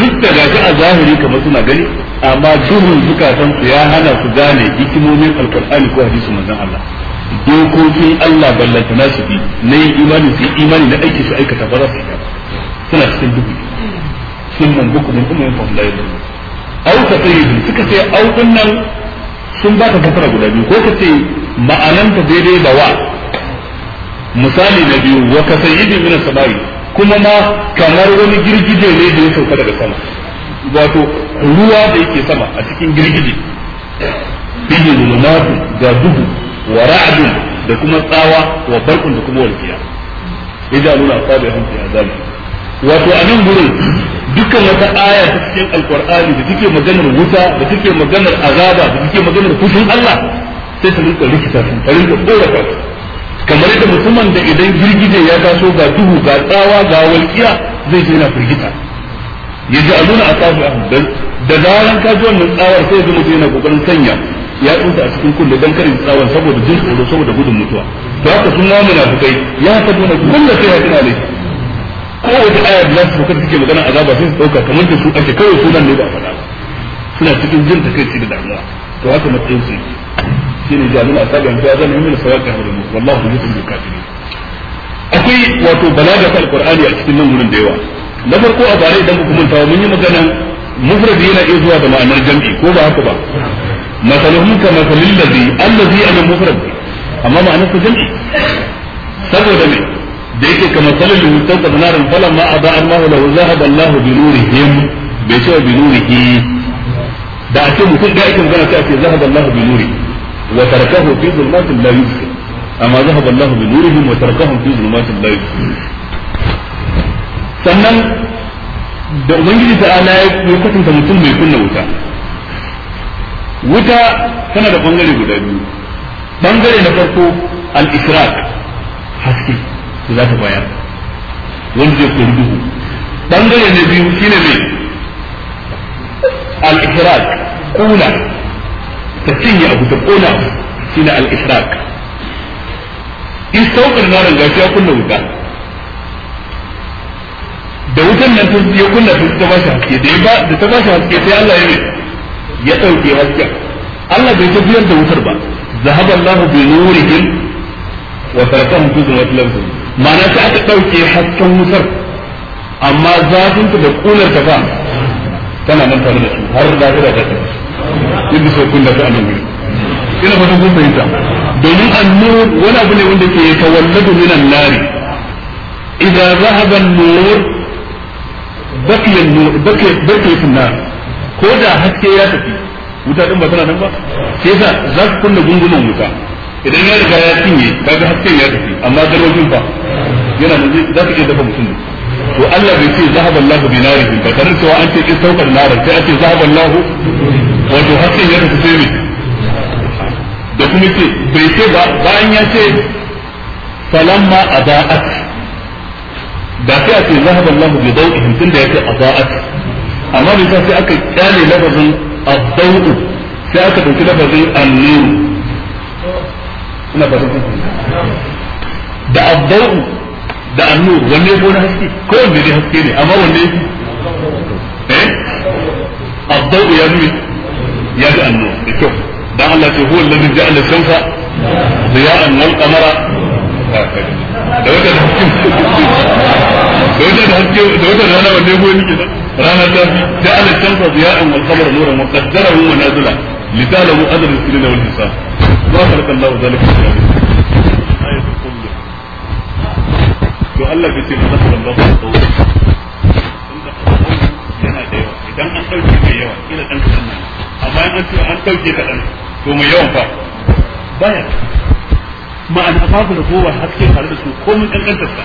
duk da gaji a zahiri kamar suna gani amma duhun zukatan su ya hana su gane hikimomin alkur'ani ko hadisin manzon Allah dokokin Allah ballanta na su bi na yin imani su imani na aiki su aikata ba za su yi suna cikin duhu sun man duku mun kuma yin fahimta da zama au ka sai yi suka ce au din nan sun ba ta fasara guda biyu ko ka ce ma'ananta daidai da wa misali na biyu wa ka sayyidin min samai kuma ma kamar wani girgije ne da ya sauka daga sama wato ruwa da yake sama a cikin girgije bihi zulumatu ga duhu wa ra'adun da kuma tsawa wa barkun da kuma ya. idan nuna hanci a zabi wato a nan gurin dukkan wata aya ta cikin alqur'ani da take maganar wuta da take maganar azaba da take maganar fushin Allah sai ta rinka rikita su ta rinka tsorata kamar yadda mutumin da idan girgije ya taso ga duhu ga tsawa ga walƙiya zai je yana firgita yaj'aluna asabi'ahum dan da zaran ka ji wannan tsawar sai ga mutum yana kokarin sanya ya tsunta a cikin kunne don karin tsawar saboda jin tsoro saboda gudun mutuwa to haka sun ma munafikai ya sabuna kullu sai ya tuna ne Ko wata aya da su kuka take magana azaba sai su dauka kamar da su ake kawai sunan ne ba a faɗa suna cikin jin takaici da damuwa to haka matsayin su shine jami'a asabi an ta zama min sawaqi hamdu wallahu yusbihu kafirin akwai wato balaga ta alqur'ani a cikin nan gurin da yawa na farko a bare idan ku manta mun yi magana mufrad yana iya zuwa da ma'anar jam'i ko ba haka ba masaluhum ka masalil ladhi allazi ana mufrad amma ma'anar sa jam'i saboda me da yake kamar salil wutar da narin falan ma a ba'ar ma lahu zahaba Allah bi nurihim bai ce bi nurihi da a mutum da yake magana sai a zahaba Allah bi nuri wa tarakahu fi dhulmatin la yusir amma zahaba Allah bi nurihim wa fi dhulmatin la yusir sannan da ubangiji ala ya kwatanta mutum mai kunna wuta wuta tana da bangare guda biyu bangare na farko al israq haske za ta bayar wanda zai kori duhu bangare na biyu shine mai al israq kuna ta cinye abu ta kuna shine al israq in saukar na ranga ya kunna wuta da wutan nan tun ya kunna tun ta ba shi haske da ba da ta ba haske sai Allah ya ya dauke hasken Allah bai tafiyar da wutar ba zahaba Allah bi nurihim wa tarakahum fi dhulmatil labs ma'ana sai aka dauke hasken wutar amma zafin ta da kunar ta fa tana nan tare da su har da ta da ta yadda sai kunna ta annabi ina fatan kun fahimta domin annur wani abu ne wanda ke tawalladu minan nari idza zahaba an-nur bakiyar sunna ko da haske ya tafi wuta din ba tana nan ba sai yasa za su kunna gungunan wuta idan ya riga ya cinye kaga hasken ya tafi amma garwajin ba yana nan za ka iya dafa mutum to Allah bai ce zahaba Allah bi narihim ba tare cewa an ce in saukar narar sai ake zahaba Allah wato hasken ya tafi sai da kuma ce bai ce ba bayan ya ce falamma adaat da sai a ce zahaba Allah bi dawihim tun yake aza'at amma bai sai aka kyale lafazin ad-dawu sai aka dauki lafazin an-nur ina fatan da ad-dawu da an-nur wanne ko na haske ko wanne ne haske ne amma wanne eh ad-dawu ya ya ga an-nur da dan Allah ce huwa allazi ja'ala shamsa diya'an wal qamara da wata da wata da haske da wata rana wanne ko yake da rana ta da ala shamsa ziya'an wal qamara nuran wa qaddarahu manazila litalamu adad al-sinin wal hisab wa khalaqa Allah dhalika to Allah bai ce ba za Allah ko yana da yawa idan an dauke mai yawa kila dan kadan amma in an ce an dauke kadan to mai yawan fa baya ma'ana babu da kowa haske tare da su komai kankantar sa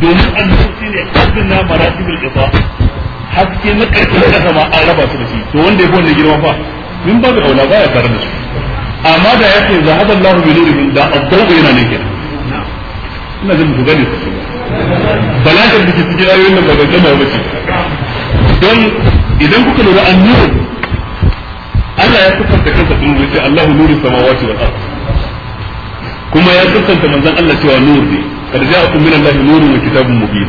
domin annur shine hasbin na maratibul ifa haske na karshen kasa ma an raba su da shi to wanda ya fi wannan girma fa min babu aula baya tare da su amma da ya ce zahaba Allahu bi nurihim da addawu yana ne kenan ina jin ku gane su balagar da ke cikin ayoyin nan ba ga gama ba ce don idan kuka lura an annur Allah ya sifanta kansa din yace Allahu nuru samawati wal ard kuma ya sifanta manzon Allah cewa nur ne kad ja'akum min Allah nurun wa kitabun mubin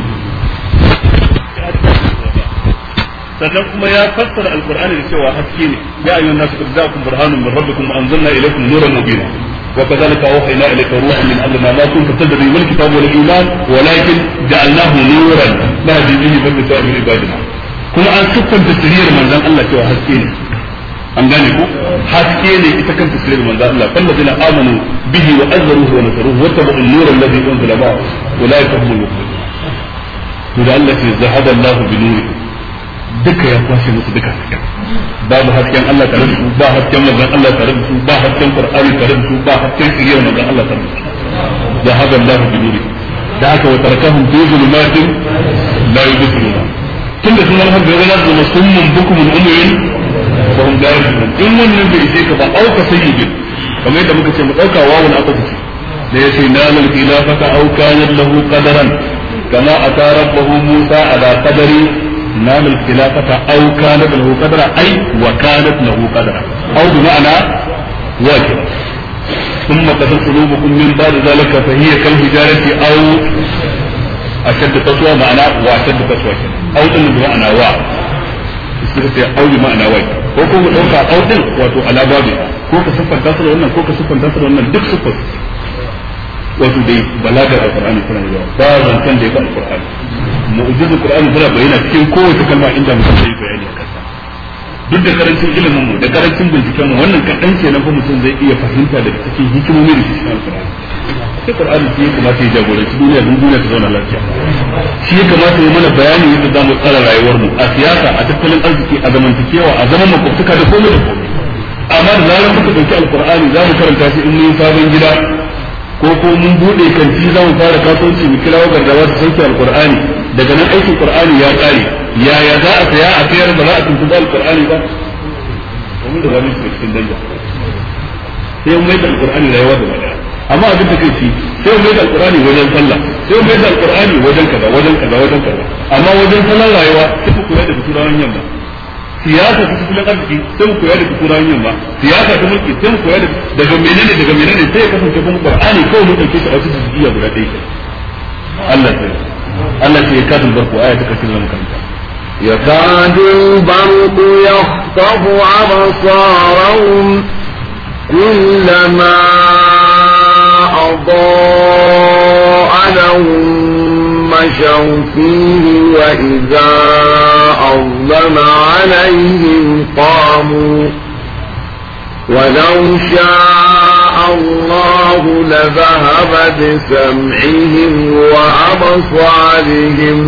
sannan kuma ya fassara alqur'ani da cewa haske ne ya ayyuhan nasu kad ja'akum burhanun min rabbikum anzalna ilaykum nuran mubina وكذلك أوحينا إليك روحا من أمرنا ما كنت تدري ما الكتاب ولا ولكن جعلناه نورا نهدي به من عبادنا كما أن من الله سوى an gane ko haske ne ita kanta sirrin manzo Allah kan ladina amanu bihi wa azzaruhu wa nasaruhu wa tabu an-nur alladhi unzila ma ulaika humul muflihun to da Allah ce zahada Allah bi nuri duka ya kwashe musu duka babu hasken Allah tare da su ba hasken manzon Allah tare da su ba hasken Qur'ani tare da su ba hasken sirrin manzon Allah tare da su zahada Allah bi nuri da aka wa tarakahum fi zulumatin la yubsiruna tunda sunan har da zama summun bukumun umrin fa hum in wannan bai je ka ba auka sayyidin kamar yadda muka ce mu dauka wawun aka ce da yace nanal khilafata aw kanat lahu qadaran kama ata rabbahu musa ala qadari nanal khilafata aw na lahu kadara ai wa kanat lahu bi ma'ana wajib ثم قتل قلوبكم من بعد ذلك فهي كالحجارة wa. suka ce auri ma'ana wai ko ko mu dauka audin wato alababi ko ka siffanta su da wannan ko ka siffanta su da wannan duk siffar wato dai balagar alqur'ani kuma ne ba zancen da yake alqur'ani mu'jizul qur'ani tana bayyana cikin kowace kalma inda mu sai bayani akan duk da karancin ilimin mu da karancin binciken mu wannan kadan kenan fa mutum zai iya fahimta daga cikin hikimomi da alqur'ani sai qur'ani shi kamata ya jagoranci duniya don duniya ta zauna lafiya shi kamata ya mana bayanin yadda zamu tsara rayuwar mu a siyasa a tattalin arziki a zamantakewa a zaman makwabtaka da komai da komai amma da zarar muka dauki alqur'ani zamu karanta shi in mun sabon gida ko ko mun bude kanti zamu fara kasuwanci mu kira wa gardawa su sauke alqur'ani daga nan aikin qur'ani ya kare yaya za a saya a sayar ba za a tuntuba alqur'ani ba kuma da zamu cikin danja sai mun mai da alqur'ani rayuwa da amma abin da kai ci sai mai da alqur'ani wajen sallah sai mai da alqur'ani wajen kaza wajen kaza wajen kaza amma wajen sallar rayuwa sai ku koya da turawan yamma siyasa ta tattalin arziki sai mu koyar da turawan yamma siyasa ta mulki sai mu koya daga menene daga menene sai ya kasance kuma qur'ani kawai mu dauke shi a jiya guda dai Allah ya Allah ya kadu barku aya ta kashin lamukan يكاد البرق يخطف أبصارهم كلما أضاء لهم مشوا فيه وإذا أظلم عليهم قاموا ولو شاء الله لذهب بسمعهم وأبصارهم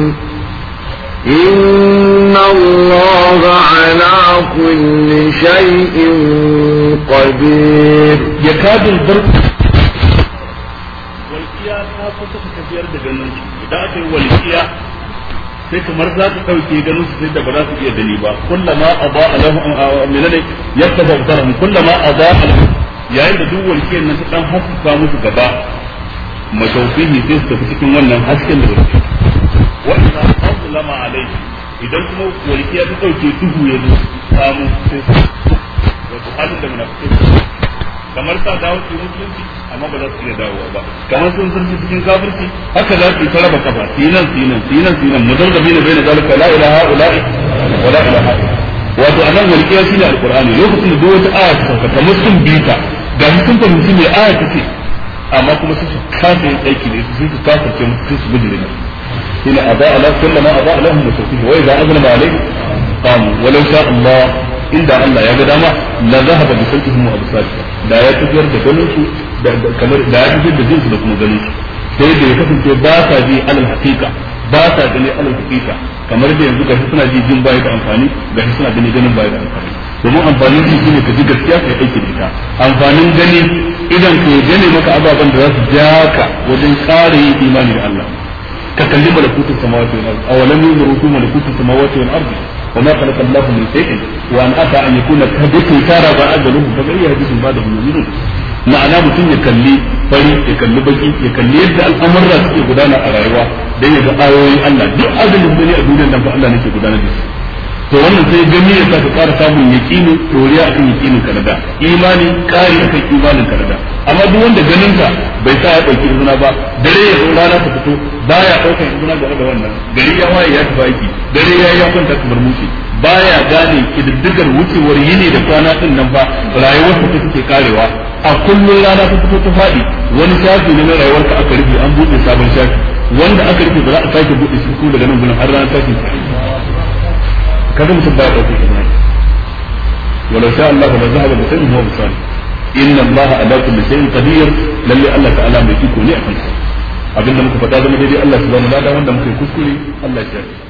إن الله على كل شيء قدير يكاد البرق ko suka tafiyar da ganin su idan aka yi walƙiya sai kamar za ka ɗauke ganin su sai da ba za su iya dani ba kullama aba alahu menene ya tabazzara kullama aba alahu yayin da duk walƙiyar nan ta dan haska musu gaba mashaufihi sai su tafi cikin wannan hasken da ba su wa idza azlama alayhi idan kuma walƙiya ta ɗauke duhu ya zo samu sai su wato halin da munafikai kamar sa dawo su musulunci amma ba za su iya ba kamar sun zurfi cikin kafirci haka za su yi ta kafa su nan su nan su mutum da bina baina zalika la ilaha ula'i wa la ilaha wato anan walƙiya shine alqur'ani lokacin da duk wata aya ta sauka kamar sun bita ga sun fahimci me aya take amma kuma su su kasa aiki ne su su kafirce mutum su bijire ne shine walau inda Allah ya ga dama la zahaba bi sam'ihim wa absarihim da ya tafiyar da ganin su da kamar da ya tafiyar da jin su da kuma ganin su sai da ya kasance ba sa ji alal haqiqa ba sa gani alal haqiqa kamar da yanzu gashi suna ji jin bai da amfani gashi suna gani ganin bai da amfani domin amfanin ji shine ka ji gaskiya kai aiki da ita amfanin gani idan ka gane maka ababen da za su ja ka wajen kare imani da Allah ka kalli malakutu samawati wal ardi awalam yuzuru malakutu samawati wal ardi وما خلق الله من شيء وان اتى ان يكون كهدك تارى فاجله فباي حديث بعده يؤمنون ma'ana mutum ya kalli fari ya kalli baki ya kalli yadda al'amuran suke gudana a rayuwa dan ya ga ayoyin Allah duk azalin da ne a duniyar da to wannan sai gani ya saka ƙara samun yaƙini toriya akan yaƙinin ka da imani ƙari akan imanin ka da amma duk wanda ganin ka bai sa ya ɗauki izina ba dare ya zo rana ta fito baya ɗaukar izina game da wannan gari ya waye ya tafi aiki dare ya yi kwanta kamar ba baya gane kididdigar wucewar yini da kwana ɗin nan ba rayuwar ta take karewa a kullum rana ta fito ta faɗi wani shafi ne na rayuwar ka aka rufe an buɗe sabon shafi wanda aka rufe ba za a sake buɗe shi ko daga nan gudun har rana tashin kada mutum baya ɗaukar imani walau sha Allah la zahaba bi shay'in huwa misali inna Allah ala kulli shay'in qadir lalle Allah ta'ala mai iko ne a sa abinda muka faɗa zama dai Allah subhanahu wa ta'ala wanda muka yi kuskure Allah ya